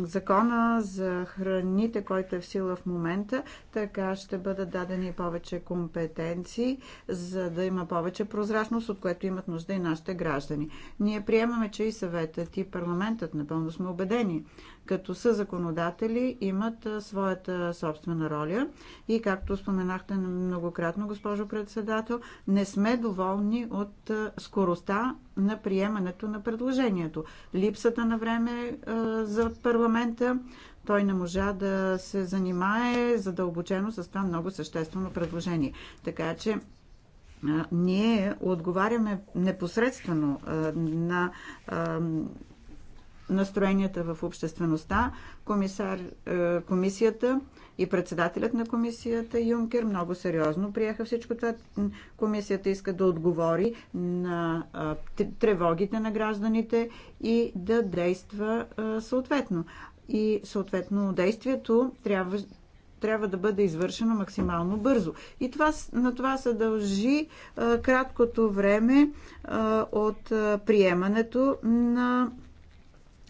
закона за храните, който е в сила в момента, така ще бъдат дадени повече компетенции, за да има повече прозрачност, от което имат нужда и нашите граждани. Ние приемаме, че и съветът, и парламентът, напълно сме убедени, като са законодатели, имат своята собствена роля и, както споменахте многократно, госпожо председател, не сме доволни от скоростта на приемането на предложението. Липсата на време за от парламента. Той не можа да се занимае задълбочено с това много съществено предложение. Така че ние отговаряме непосредствено на настроенията в обществеността. Комисар, комисията и председателят на комисията Юнкер много сериозно приеха всичко това. Комисията иска да отговори на тревогите на гражданите и да действа съответно. И съответно действието трябва трябва да бъде извършено максимално бързо. И това, на това се дължи а, краткото време а, от а, приемането на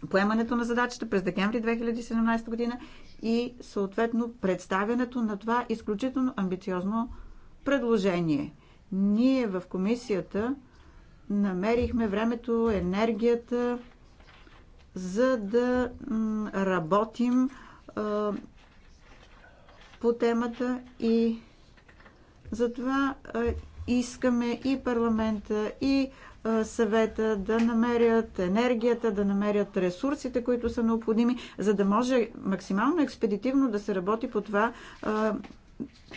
поемането на задачата през декември 2017 година и съответно представянето на това изключително амбициозно предложение. Ние в комисията намерихме времето, енергията, за да работим а, по темата и затова а, искаме и парламента, и съвета, да намерят енергията, да намерят ресурсите, които са необходими, за да може максимално експедитивно да се работи по това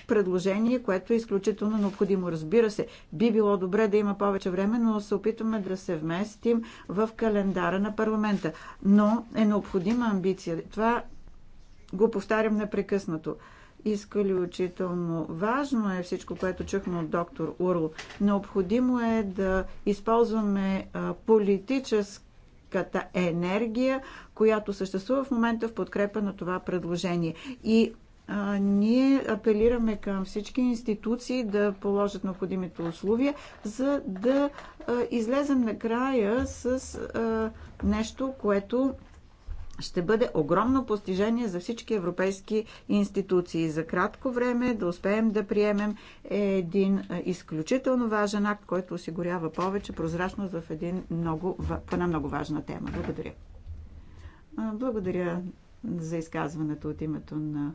предложение, което е изключително необходимо. Разбира се, би било добре да има повече време, но се опитваме да се вместим в календара на парламента. Но е необходима амбиция. Това го повтарям непрекъснато изключително важно е всичко, което чухме от доктор Урл. Необходимо е да използваме политическата енергия, която съществува в момента в подкрепа на това предложение. И а, ние апелираме към всички институции да положат необходимите условия, за да а, излезем накрая с а, нещо, което ще бъде огромно постижение за всички европейски институции. За кратко време да успеем да приемем един е, изключително важен акт, който осигурява повече прозрачност в, един много, в една много важна тема. Благодаря. Благодаря за изказването от името на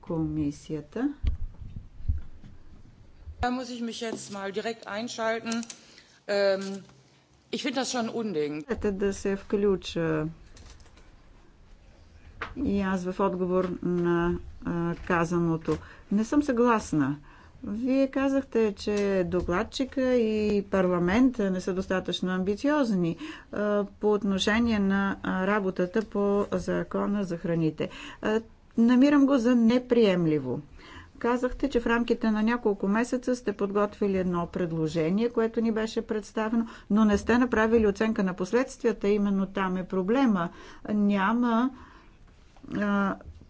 комисията. muss ich mich jetzt mal direkt einschalten. Ähm, ich finde das schon Да се включа и аз в отговор на казаното. Не съм съгласна. Вие казахте, че докладчика и парламента не са достатъчно амбициозни по отношение на работата по закона за храните. Намирам го за неприемливо. Казахте, че в рамките на няколко месеца сте подготвили едно предложение, което ни беше представено, но не сте направили оценка на последствията. Именно там е проблема. Няма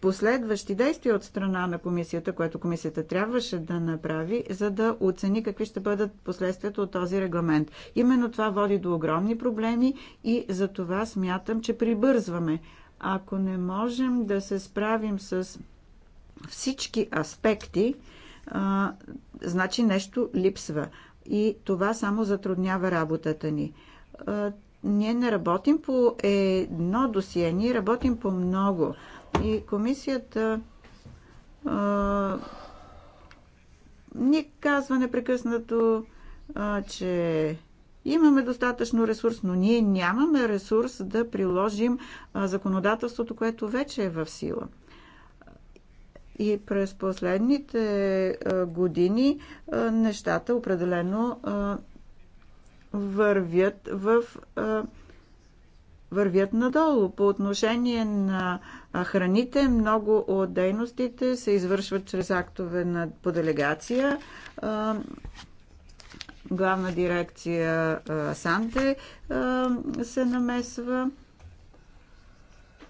последващи действия от страна на комисията, което комисията трябваше да направи, за да оцени какви ще бъдат последствията от този регламент. Именно това води до огромни проблеми и за това смятам, че прибързваме. Ако не можем да се справим с всички аспекти, а, значи нещо липсва. И това само затруднява работата ни ние не работим по едно досие, ние работим по много. И комисията а, ни казва непрекъснато, а, че имаме достатъчно ресурс, но ние нямаме ресурс да приложим а, законодателството, което вече е в сила. И през последните а, години а, нещата определено а, вървят в вървят надолу. По отношение на храните, много от дейностите се извършват чрез актове на, по делегация. Главна дирекция Санте се намесва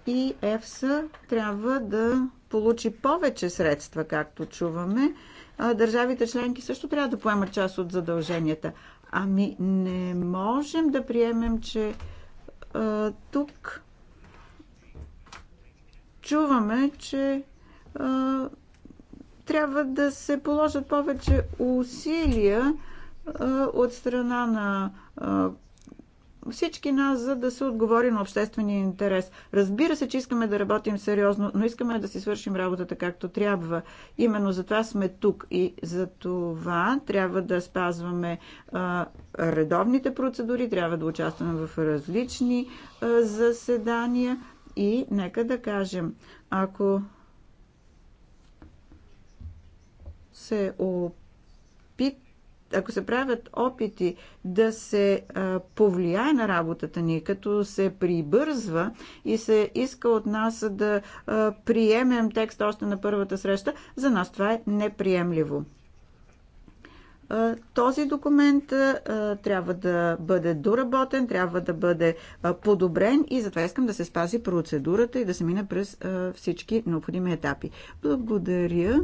и ЕФСА трябва да получи повече средства, както чуваме. Държавите членки също трябва да поемат част от задълженията. Ами не можем да приемем, че а, тук чуваме, че а, трябва да се положат повече усилия а, от страна на а, всички нас, за да се отговори на обществения интерес. Разбира се, че искаме да работим сериозно, но искаме да си свършим работата както трябва. Именно за това сме тук и за това трябва да спазваме а, редовните процедури, трябва да участваме в различни а, заседания и нека да кажем, ако се опитаме ако се правят опити да се повлияе на работата ни, като се прибързва и се иска от нас да приемем текст още на първата среща, за нас това е неприемливо. Този документ трябва да бъде доработен, трябва да бъде подобрен и затова искам да се спази процедурата и да се мине през всички необходими етапи. Благодаря.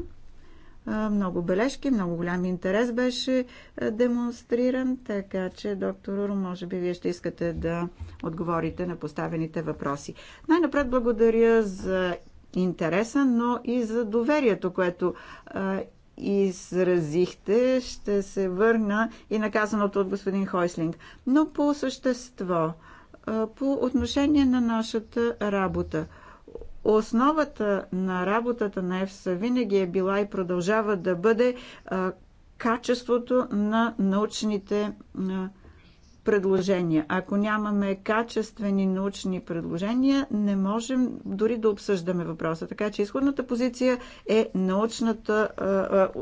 Много бележки, много голям интерес беше демонстриран, така че, доктор Ур, може би вие ще искате да отговорите на поставените въпроси. Най-напред благодаря за интереса, но и за доверието, което изразихте. Ще се върна и наказаното от господин Хойслинг. Но по същество, по отношение на нашата работа. Основата на работата на ЕФСА винаги е била и продължава да бъде качеството на научните предложения. Ако нямаме качествени научни предложения, не можем дори да обсъждаме въпроса. Така че изходната позиция е научната,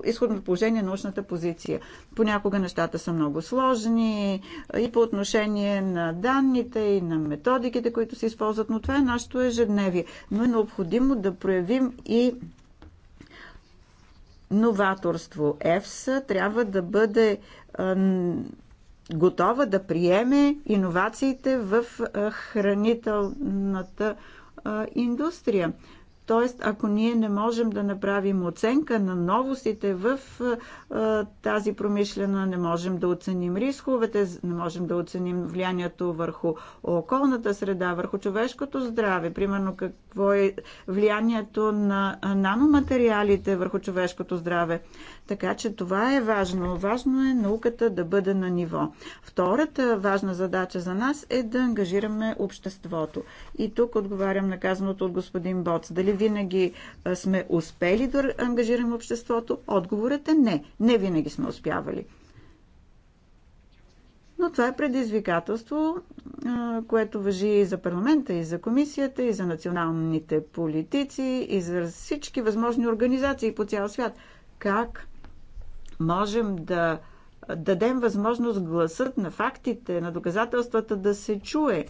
изходното положение е научната позиция. Понякога нещата са много сложни и по отношение на данните и на методиките, които се използват, но това е нашето ежедневие. Но е необходимо да проявим и новаторство. ЕФСА трябва да бъде готова да приеме иновациите в хранителната индустрия. Тоест, ако ние не можем да направим оценка на новостите в тази промишлена, не можем да оценим рисковете, не можем да оценим влиянието върху околната среда, върху човешкото здраве, примерно какво е влиянието на наноматериалите върху човешкото здраве. Така че това е важно. Важно е науката да бъде на ниво. Втората важна задача за нас е да ангажираме обществото. И тук отговарям на казаното от господин Боц. Дали винаги сме успели да ангажираме обществото? Отговорът е не. Не винаги сме успявали. Но това е предизвикателство, което въжи и за парламента, и за комисията, и за националните политици, и за всички възможни организации по цял свят. Как можем да дадем възможност гласът на фактите, на доказателствата да се чуе.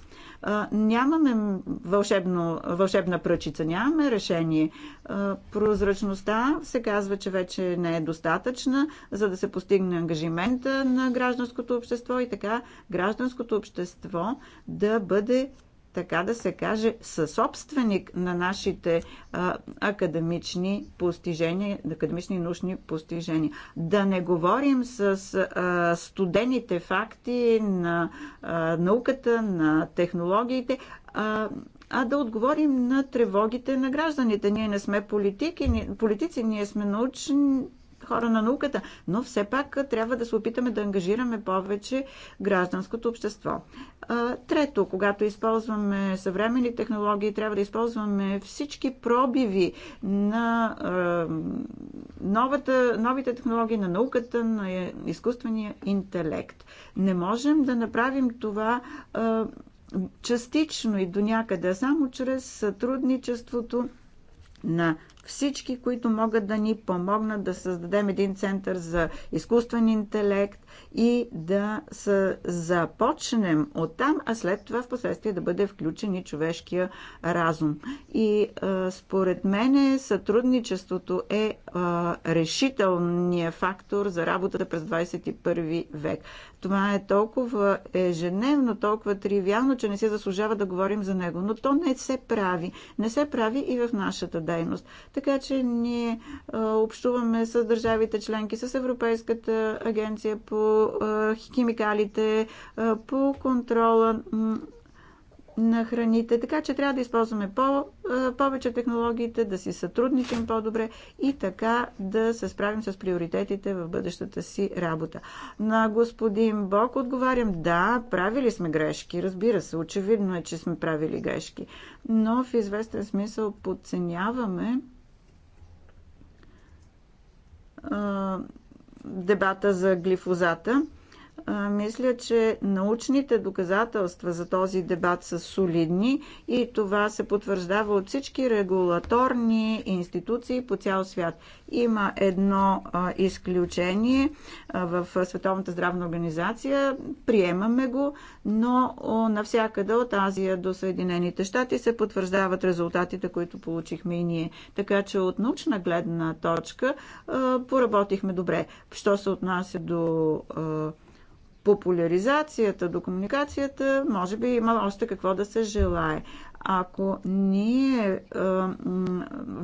Нямаме вълшебно, вълшебна пръчица, нямаме решение. Прозрачността се казва, че вече не е достатъчна, за да се постигне ангажимента на гражданското общество и така гражданското общество да бъде така да се каже, съсобственик на нашите а, академични постижения, академични научни постижения. Да не говорим с а, студените факти на а, науката, на технологиите, а, а да отговорим на тревогите на гражданите. Ние не сме политики, ни, политици, ние сме научни хора на науката, но все пак трябва да се опитаме да ангажираме повече гражданското общество. Трето, когато използваме съвременни технологии, трябва да използваме всички пробиви на новата, новите технологии, на науката, на изкуствения интелект. Не можем да направим това частично и до някъде, само чрез сътрудничеството на всички, които могат да ни помогнат да създадем един център за изкуствен интелект и да започнем от там, а след това в последствие да бъде включен и човешкия разум. И а, според мене сътрудничеството е а, решителният фактор за работата през 21 век. Това е толкова ежедневно, толкова тривиално, че не се заслужава да говорим за него. Но то не се прави. Не се прави и в нашата дейност. Така че ние общуваме с държавите членки, с Европейската агенция по химикалите, по контрола на храните. Така че трябва да използваме по, повече технологиите, да си сътрудничим по-добре и така да се справим с приоритетите в бъдещата си работа. На господин Бог отговарям, да, правили сме грешки, разбира се, очевидно е, че сме правили грешки, но в известен смисъл подценяваме дебата за глифозата мисля, че научните доказателства за този дебат са солидни и това се потвърждава от всички регулаторни институции по цял свят. Има едно изключение в Световната здравна организация, приемаме го, но навсякъде от Азия до Съединените щати се потвърждават резултатите, които получихме и ние. Така че от научна гледна точка поработихме добре. Що се отнася до популяризацията, до комуникацията, може би има още какво да се желае. Ако ние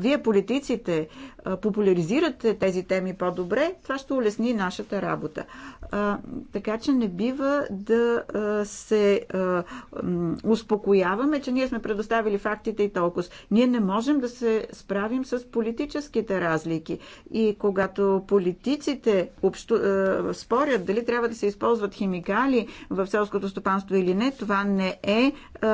вие политиците популяризирате тези теми по-добре, това ще улесни нашата работа. Така че не бива да се успокояваме, че ние сме предоставили фактите и толкова. Ние не можем да се справим с политическите разлики. И когато политиците общу... спорят дали трябва да се използват химикали в селското стопанство или не, това не е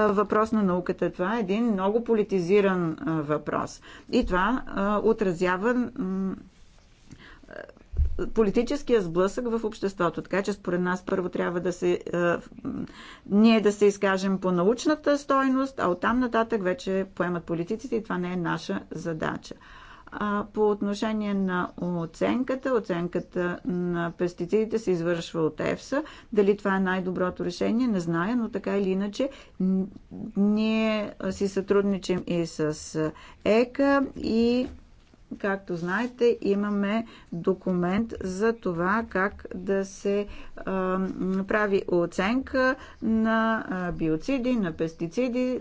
въпрос на науката. Това е един много политизиран въпрос. И това отразява политическия сблъсък в обществото. Така че според нас първо трябва да се. А, ние да се изкажем по научната стойност, а оттам нататък вече поемат политиците и това не е наша задача по отношение на оценката, оценката на пестицидите се извършва от ЕФСА. Дали това е най-доброто решение, не зная, но така или иначе ние си сътрудничим и с ЕКА и както знаете, имаме документ за това как да се а, прави оценка на биоциди, на пестициди,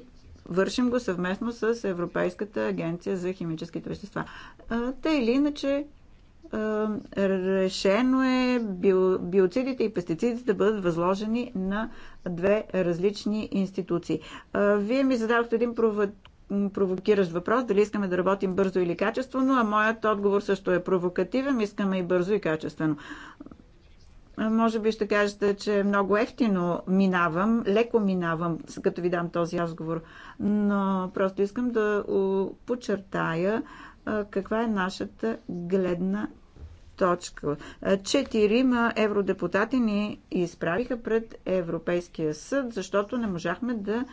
Вършим го съвместно с Европейската агенция за химическите вещества. Та или иначе, решено е биоцидите и пестицидите да бъдат възложени на две различни институции. Вие ми зададохте един провокиращ въпрос, дали искаме да работим бързо или качествено, а моят отговор също е провокативен, искаме и бързо и качествено. Може би ще кажете, че много ефтино минавам, леко минавам, като ви дам този разговор, но просто искам да подчертая каква е нашата гледна точка. Четирима евродепутати ни изправиха пред Европейския съд, защото не можахме да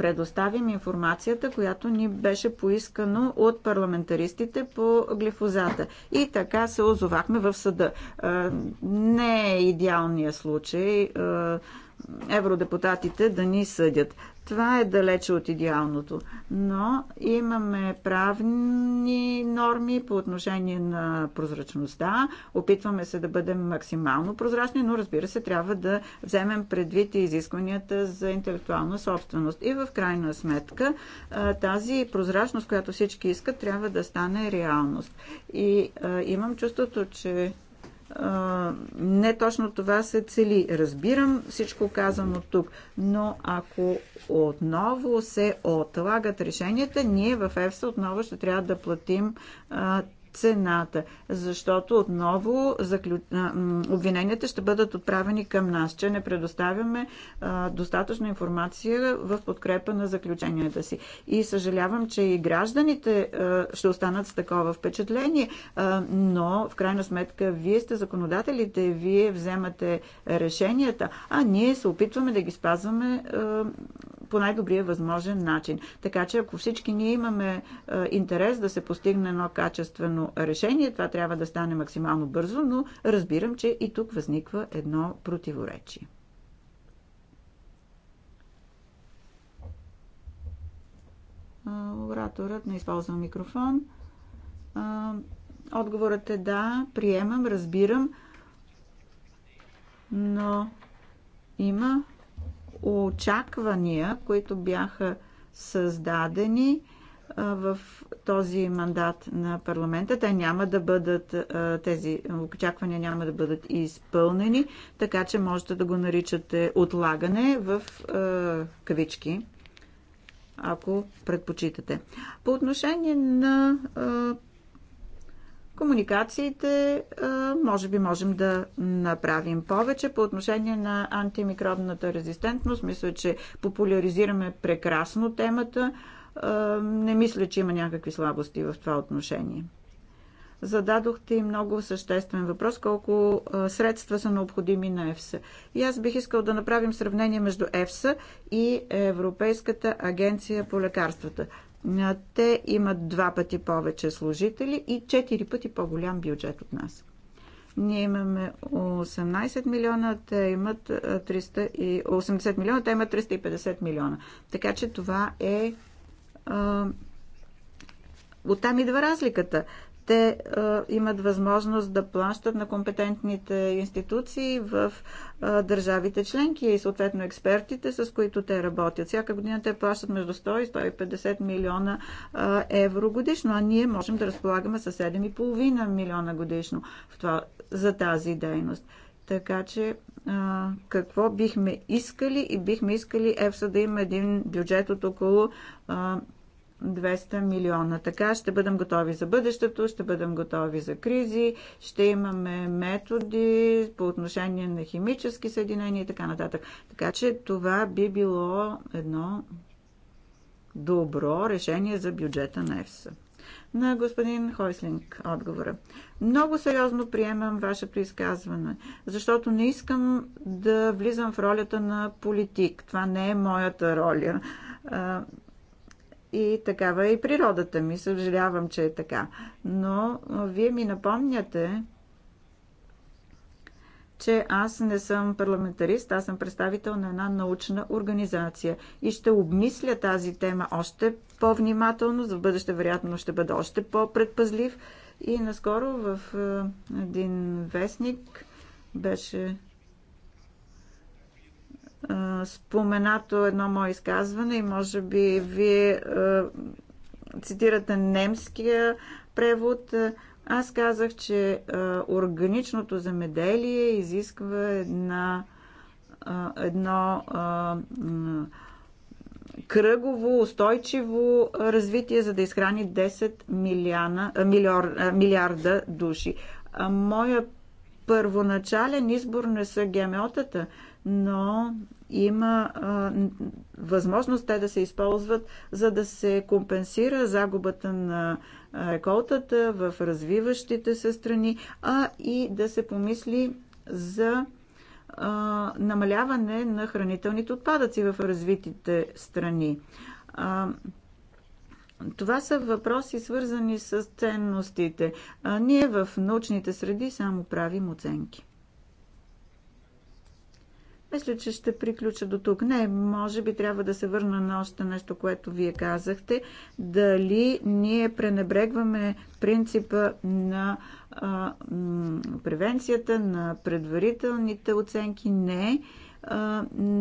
предоставим информацията, която ни беше поискано от парламентаристите по глифозата. И така се озовахме в съда. Е, не е идеалният случай е, евродепутатите да ни съдят. Това е далече от идеалното. Но имаме правни норми по отношение на прозрачността. Опитваме се да бъдем максимално прозрачни, но разбира се, трябва да вземем предвид и изискванията за интелектуална собственост. И в крайна сметка тази прозрачност, която всички искат, трябва да стане реалност. И имам чувството, че не точно това се цели. Разбирам всичко казано тук, но ако отново се отлагат решенията, ние в ЕФСА отново ще трябва да платим цената, защото отново заклю... обвиненията ще бъдат отправени към нас, че не предоставяме а, достатъчно информация в подкрепа на заключенията си. И съжалявам, че и гражданите а, ще останат с такова впечатление, а, но в крайна сметка вие сте законодателите, вие вземате решенията, а ние се опитваме да ги спазваме по най-добрия възможен начин. Така че ако всички ние имаме е, интерес да се постигне едно качествено решение, това трябва да стане максимално бързо, но разбирам, че и тук възниква едно противоречие. Ораторът не използва микрофон. Отговорът е да, приемам, разбирам, но има очаквания, които бяха създадени в този мандат на парламента. Те няма да бъдат, тези очаквания няма да бъдат изпълнени, така че можете да го наричате отлагане в кавички, ако предпочитате. По отношение на комуникациите може би можем да направим повече. По отношение на антимикробната резистентност, мисля, че популяризираме прекрасно темата. Не мисля, че има някакви слабости в това отношение. Зададохте и много съществен въпрос, колко средства са необходими на ЕФСА. И аз бих искал да направим сравнение между ЕФСА и Европейската агенция по лекарствата. Те имат два пъти повече служители и четири пъти по-голям бюджет от нас. Ние имаме 18 милиона, те имат 380 милиона, те имат 350 милиона. Така че това е. Оттам идва разликата те а, имат възможност да плащат на компетентните институции в а, държавите членки и съответно експертите, с които те работят. Всяка година те плащат между 100 и 150 милиона а, евро годишно, а ние можем да разполагаме с 7,5 милиона годишно в това, за тази дейност. Така че а, какво бихме искали и бихме искали ЕФСА да има един бюджет от около а, 200 милиона. Така ще бъдем готови за бъдещето, ще бъдем готови за кризи, ще имаме методи по отношение на химически съединения и така нататък. Така че това би било едно добро решение за бюджета на ЕФСА. На господин Хойслинг отговора. Много сериозно приемам вашето изказване, защото не искам да влизам в ролята на политик. Това не е моята роля и такава е и природата ми. Съжалявам, че е така. Но вие ми напомняте, че аз не съм парламентарист, аз съм представител на една научна организация и ще обмисля тази тема още по-внимателно, за бъдеще вероятно ще бъда още по-предпазлив. И наскоро в един вестник беше споменато е едно мое изказване и може би вие цитирате немския превод. Аз казах, че органичното земеделие изисква една, едно кръгово, устойчиво развитие, за да изхрани 10 милиона, милиор, милиарда души. Моя първоначален избор не са ГМО-тата но има а, възможност те да се използват, за да се компенсира загубата на реколтата в развиващите се страни, а и да се помисли за а, намаляване на хранителните отпадъци в развитите страни. А, това са въпроси, свързани с ценностите. А ние в научните среди само правим оценки. Мисля, че ще приключа до тук. Не, може би трябва да се върна на още нещо, което вие казахте. Дали ние пренебрегваме принципа на а, превенцията, на предварителните оценки? Не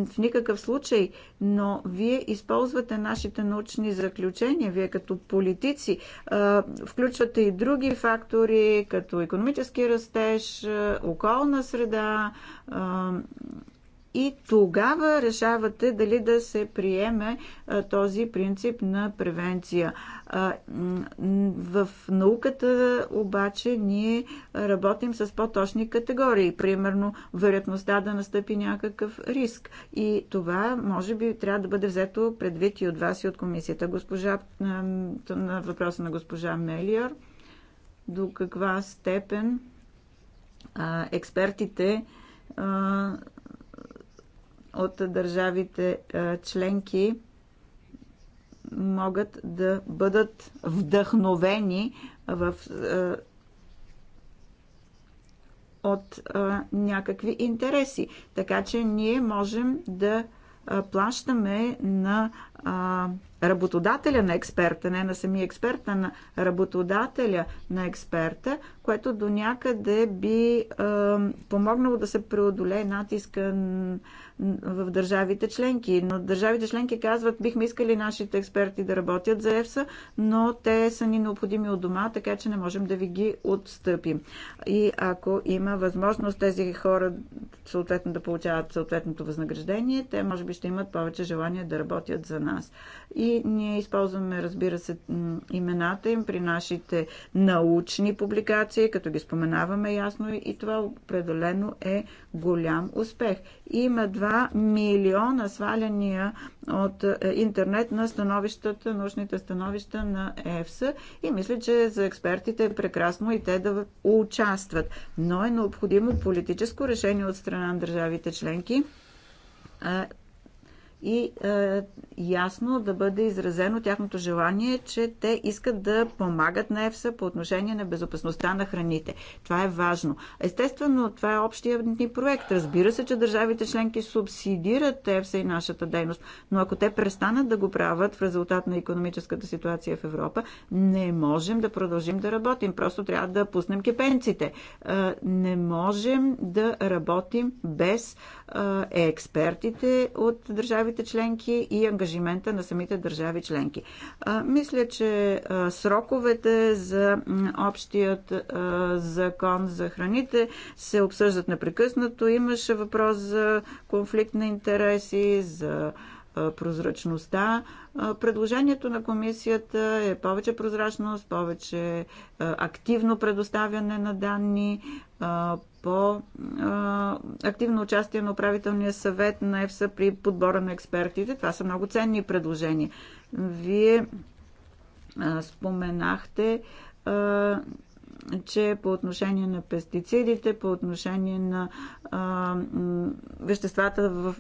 в никакъв случай, но вие използвате нашите научни заключения, вие като политици включвате и други фактори, като економически растеж, околна среда, и тогава решавате дали да се приеме този принцип на превенция. В науката обаче ние работим с по-точни категории, примерно вероятността да настъпи някакъв риск. И това може би трябва да бъде взето предвид и от вас и от комисията. Госпожа, на въпроса на госпожа Мелиор, до каква степен експертите от държавите членки могат да бъдат вдъхновени в, от някакви интереси. Така че ние можем да плащаме на работодателя на експерта, не на самия експерт, а на работодателя на експерта, което до някъде би е, помогнало да се преодолее натиска в държавите членки. Но държавите членки казват, бихме искали нашите експерти да работят за ЕФСА, но те са ни необходими от дома, така че не можем да ви ги отстъпим. И ако има възможност тези хора съответно да получават съответното възнаграждение, те може би ще имат повече желание да работят за нас. И ние използваме, разбира се, имената им при нашите научни публикации, като ги споменаваме ясно и това определено е голям успех. Има 2 милиона сваляния от е, интернет на становищата, научните становища на ЕФСА и мисля, че за експертите е прекрасно и те да участват. Но е необходимо политическо решение от страна на държавите членки и е, ясно да бъде изразено тяхното желание, че те искат да помагат на ЕФСА по отношение на безопасността на храните. Това е важно. Естествено, това е общия ни проект. Разбира се, че държавите членки субсидират ЕФСА и нашата дейност, но ако те престанат да го правят в резултат на економическата ситуация в Европа, не можем да продължим да работим. Просто трябва да пуснем кипенците. Е, не можем да работим без е, експертите от държавите държавите членки и ангажимента на самите държави членки. Мисля, че сроковете за общият закон за храните се обсъждат непрекъснато. Имаше въпрос за конфликт на интереси, за прозрачността. Предложението на комисията е повече прозрачност, повече активно предоставяне на данни, по-активно участие на управителния съвет на ЕФСА при подбора на експертите. Това са много ценни предложения. Вие споменахте че по отношение на пестицидите, по отношение на а, веществата, в,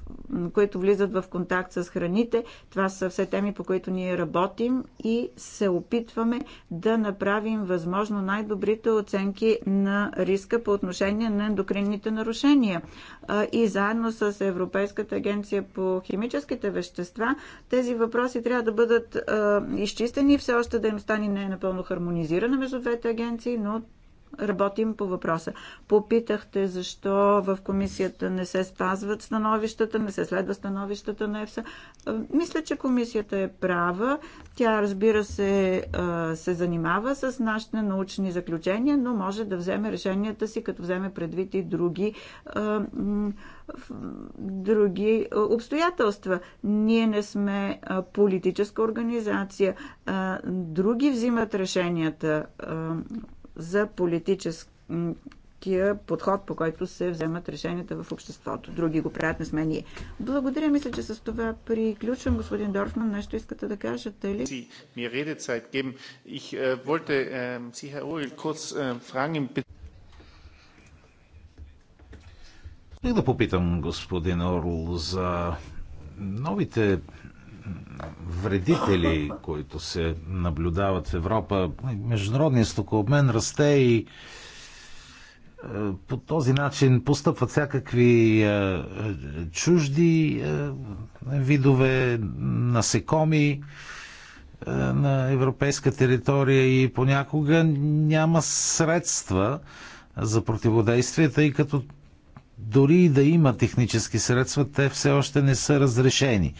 които влизат в контакт с храните, това са все теми, по които ние работим и се опитваме да направим възможно най-добрите оценки на риска по отношение на ендокринните нарушения. А, и заедно с Европейската агенция по химическите вещества, тези въпроси трябва да бъдат а, изчистени. Все още дейността ни не е напълно хармонизирана между двете агенции, но работим по въпроса. Попитахте защо в комисията не се спазват становищата, не се следва становищата на ЕФСА. Мисля, че комисията е права. Тя, разбира се, се занимава с нашите научни заключения, но може да вземе решенията си, като вземе предвид и други други обстоятелства. Ние не сме политическа организация. Други взимат решенията за политическия подход, по който се вземат решенията в обществото. Други го правят, не сме ние. Благодаря, мисля, че с това приключвам. Господин Дорфман, нещо искате да кажете ли? И е е, е, да попитам господин Орл за новите вредители, които се наблюдават в Европа. Международният стокообмен расте и е, по този начин постъпват всякакви е, е, чужди видове насекоми на европейска територия и понякога няма средства за противодействие, тъй като дори и да има технически средства, те все още не са разрешени.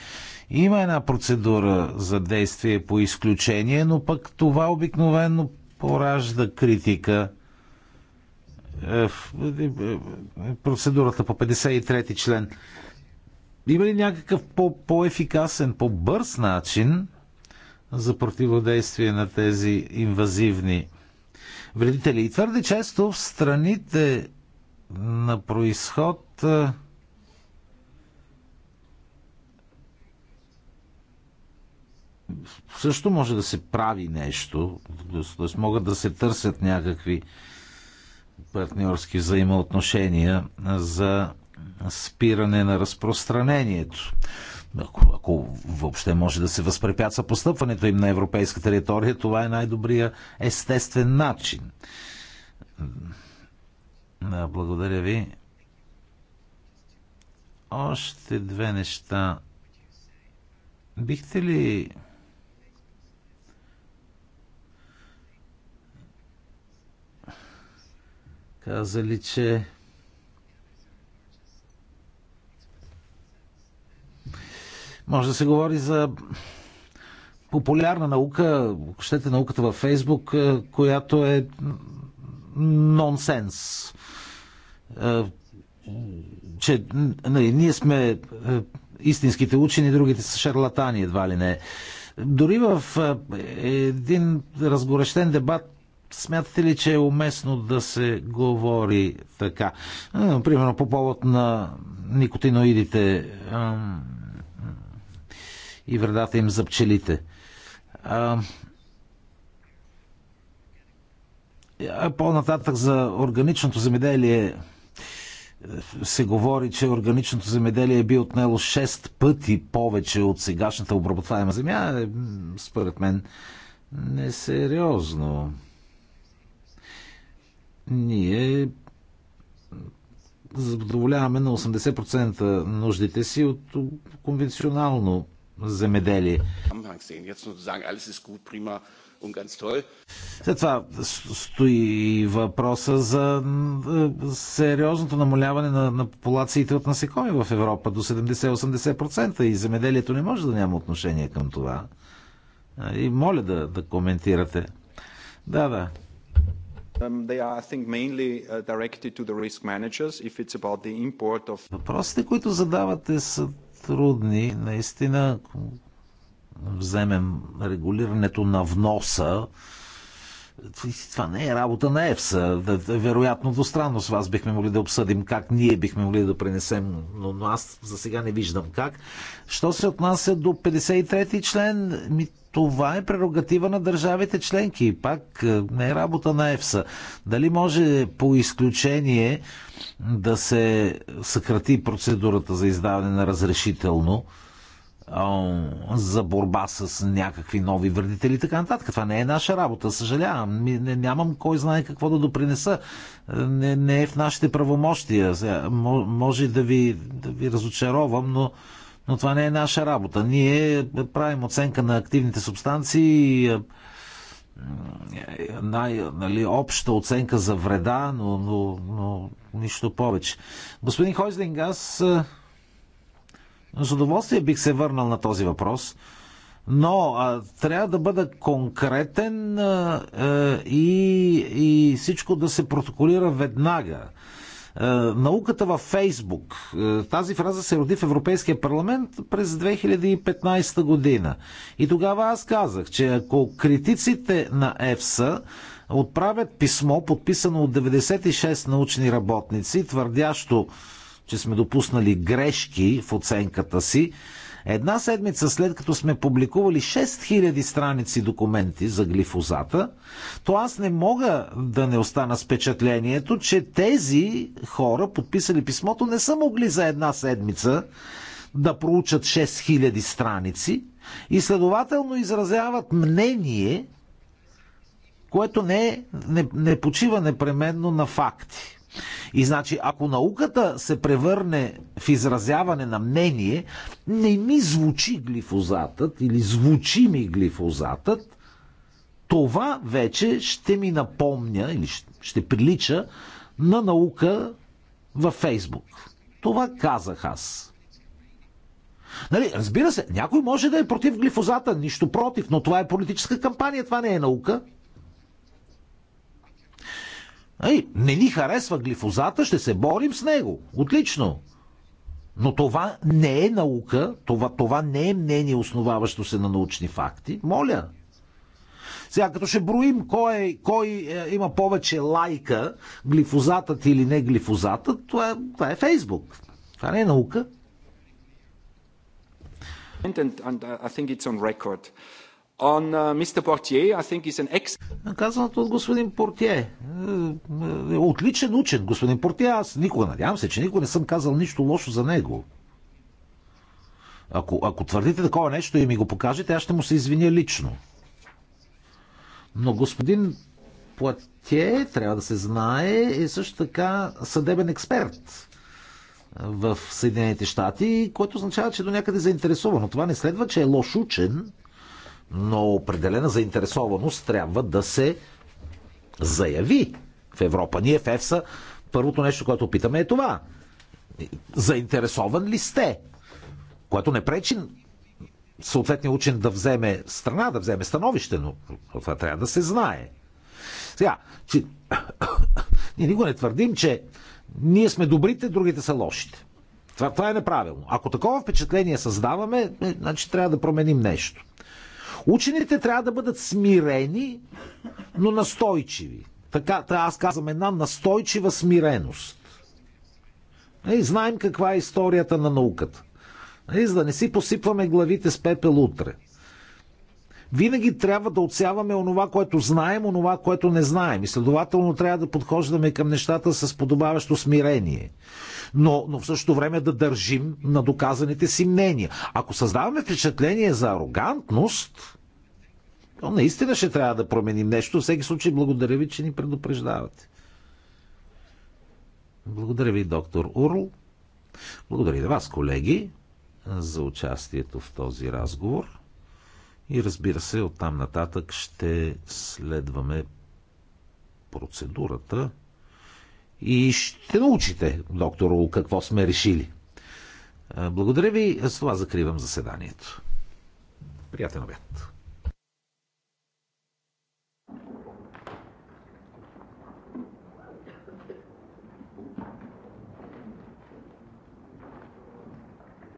Има една процедура за действие по изключение, но пък това обикновено поражда критика. Е, е, е, процедурата по 53 ти член. Има ли някакъв по-ефикасен, -по по-бърз начин за противодействие на тези инвазивни вредители? И твърде често в страните на происход също може да се прави нещо, т.е. могат да се търсят някакви партньорски взаимоотношения за спиране на разпространението. Ако, ако въобще може да се възпрепятства постъпването им на европейска територия, това е най-добрия естествен начин. Да, благодаря ви. Още две неща. Бихте ли казали, че може да се говори за популярна наука, щете науката във Фейсбук, е, която е нонсенс. Е, че нали, ние сме е, истинските учени, другите са шарлатани, едва ли не. Дори в един разгорещен дебат Смятате ли, че е уместно да се говори така? Примерно по повод на никотиноидите и вредата им за пчелите. По-нататък за органичното земеделие се говори, че органичното земеделие е би отнело 6 пъти повече от сегашната обработваема земя. Е, според мен несериозно. Е ние задоволяваме на 80% нуждите си от конвенционално земеделие. След това стои въпроса за е, сериозното намаляване на, на популациите от насекоми в Европа до 70-80% и земеделието не може да няма отношение към това. И моля да, да коментирате. Да, да. They are, I think, mainly directed to the risk managers if it's about the import of... Въпросите, които задавате са трудни. Наистина, вземем регулирането на вноса, това не е работа на ЕФСА. Вероятно двустранно с вас бихме могли да обсъдим как ние бихме могли да пренесем, но, но аз за сега не виждам как. Що се отнася до 53-ти член, ми това е прерогатива на държавите членки. Пак е, не е работа на ЕФСА. Дали може по изключение да се съкрати процедурата за издаване на разрешително? за борба с някакви нови вредители и така нататък. Това не е наша работа, съжалявам. нямам кой знае какво да допринеса. Не, не е в нашите правомощия. Може да ви, да ви разочаровам, но, но това не е наша работа. Ние правим оценка на активните субстанции най, нали, обща оценка за вреда, но, но, но нищо повече. Господин Хойзлинг, аз с удоволствие бих се върнал на този въпрос, но а, трябва да бъда конкретен а, и, и всичко да се протоколира веднага. А, науката във Фейсбук. Тази фраза се роди в Европейския парламент през 2015 година. И тогава аз казах, че ако критиците на ЕФСА отправят писмо, подписано от 96 научни работници, твърдящо, че сме допуснали грешки в оценката си, една седмица след като сме публикували 6000 страници документи за глифозата, то аз не мога да не остана с впечатлението, че тези хора, подписали писмото, не са могли за една седмица да проучат 6000 страници и следователно изразяват мнение, което не, е, не, не почива непременно на факти. И значи, ако науката се превърне в изразяване на мнение, не ми звучи глифозатът или звучи ми глифозатът, това вече ще ми напомня или ще прилича на наука във Фейсбук. Това казах аз. Нали, разбира се, някой може да е против глифозата, нищо против, но това е политическа кампания, това не е наука. Ай, не ни харесва глифозата, ще се борим с него. Отлично. Но това не е наука, това, това не е мнение, основаващо се на научни факти. Моля. Сега, като ще броим кой, кой е, има повече лайка, глифозатът или не глифозатът, това, това е Фейсбук. Това не е наука. And, and, and uh, I think it's on record. Uh, on uh, I think an ex... Казаното от господин Портие. Е, е, е, отличен учен, господин Портие. Аз никога, надявам се, че никога не съм казал нищо лошо за него. Ако, ако твърдите такова нещо и ми го покажете, аз ще му се извиня лично. Но господин Портие, трябва да се знае, е също така съдебен експерт в Съединените щати, което означава, че до някъде е заинтересован. Но това не следва, че е лош учен но определена заинтересованост трябва да се заяви в Европа. Ние в ЕФСА първото нещо, което питаме е това. Заинтересован ли сте? Което не пречи съответния учен да вземе страна, да вземе становище, но това трябва да се знае. Сега, че... [COUGHS] ние никога не твърдим, че ние сме добрите, другите са лошите. Това, това е неправилно. Ако такова впечатление създаваме, е, значи трябва да променим нещо. Учените трябва да бъдат смирени, но настойчиви. Така, аз казвам една настойчива смиреност. И е, знаем каква е историята на науката. И е, за да не си посипваме главите с пепел утре. Винаги трябва да отсяваме онова, което знаем, онова, което не знаем. И следователно трябва да подхождаме към нещата с подобаващо смирение но, но в същото време да държим на доказаните си мнения. Ако създаваме впечатление за арогантност, то наистина ще трябва да променим нещо. В всеки случай, благодаря ви, че ни предупреждавате. Благодаря ви, доктор Урл. Благодаря и вас, колеги, за участието в този разговор. И разбира се, оттам нататък ще следваме процедурата и ще научите, докторо, какво сме решили. Благодаря ви, с това закривам заседанието. Приятен обед!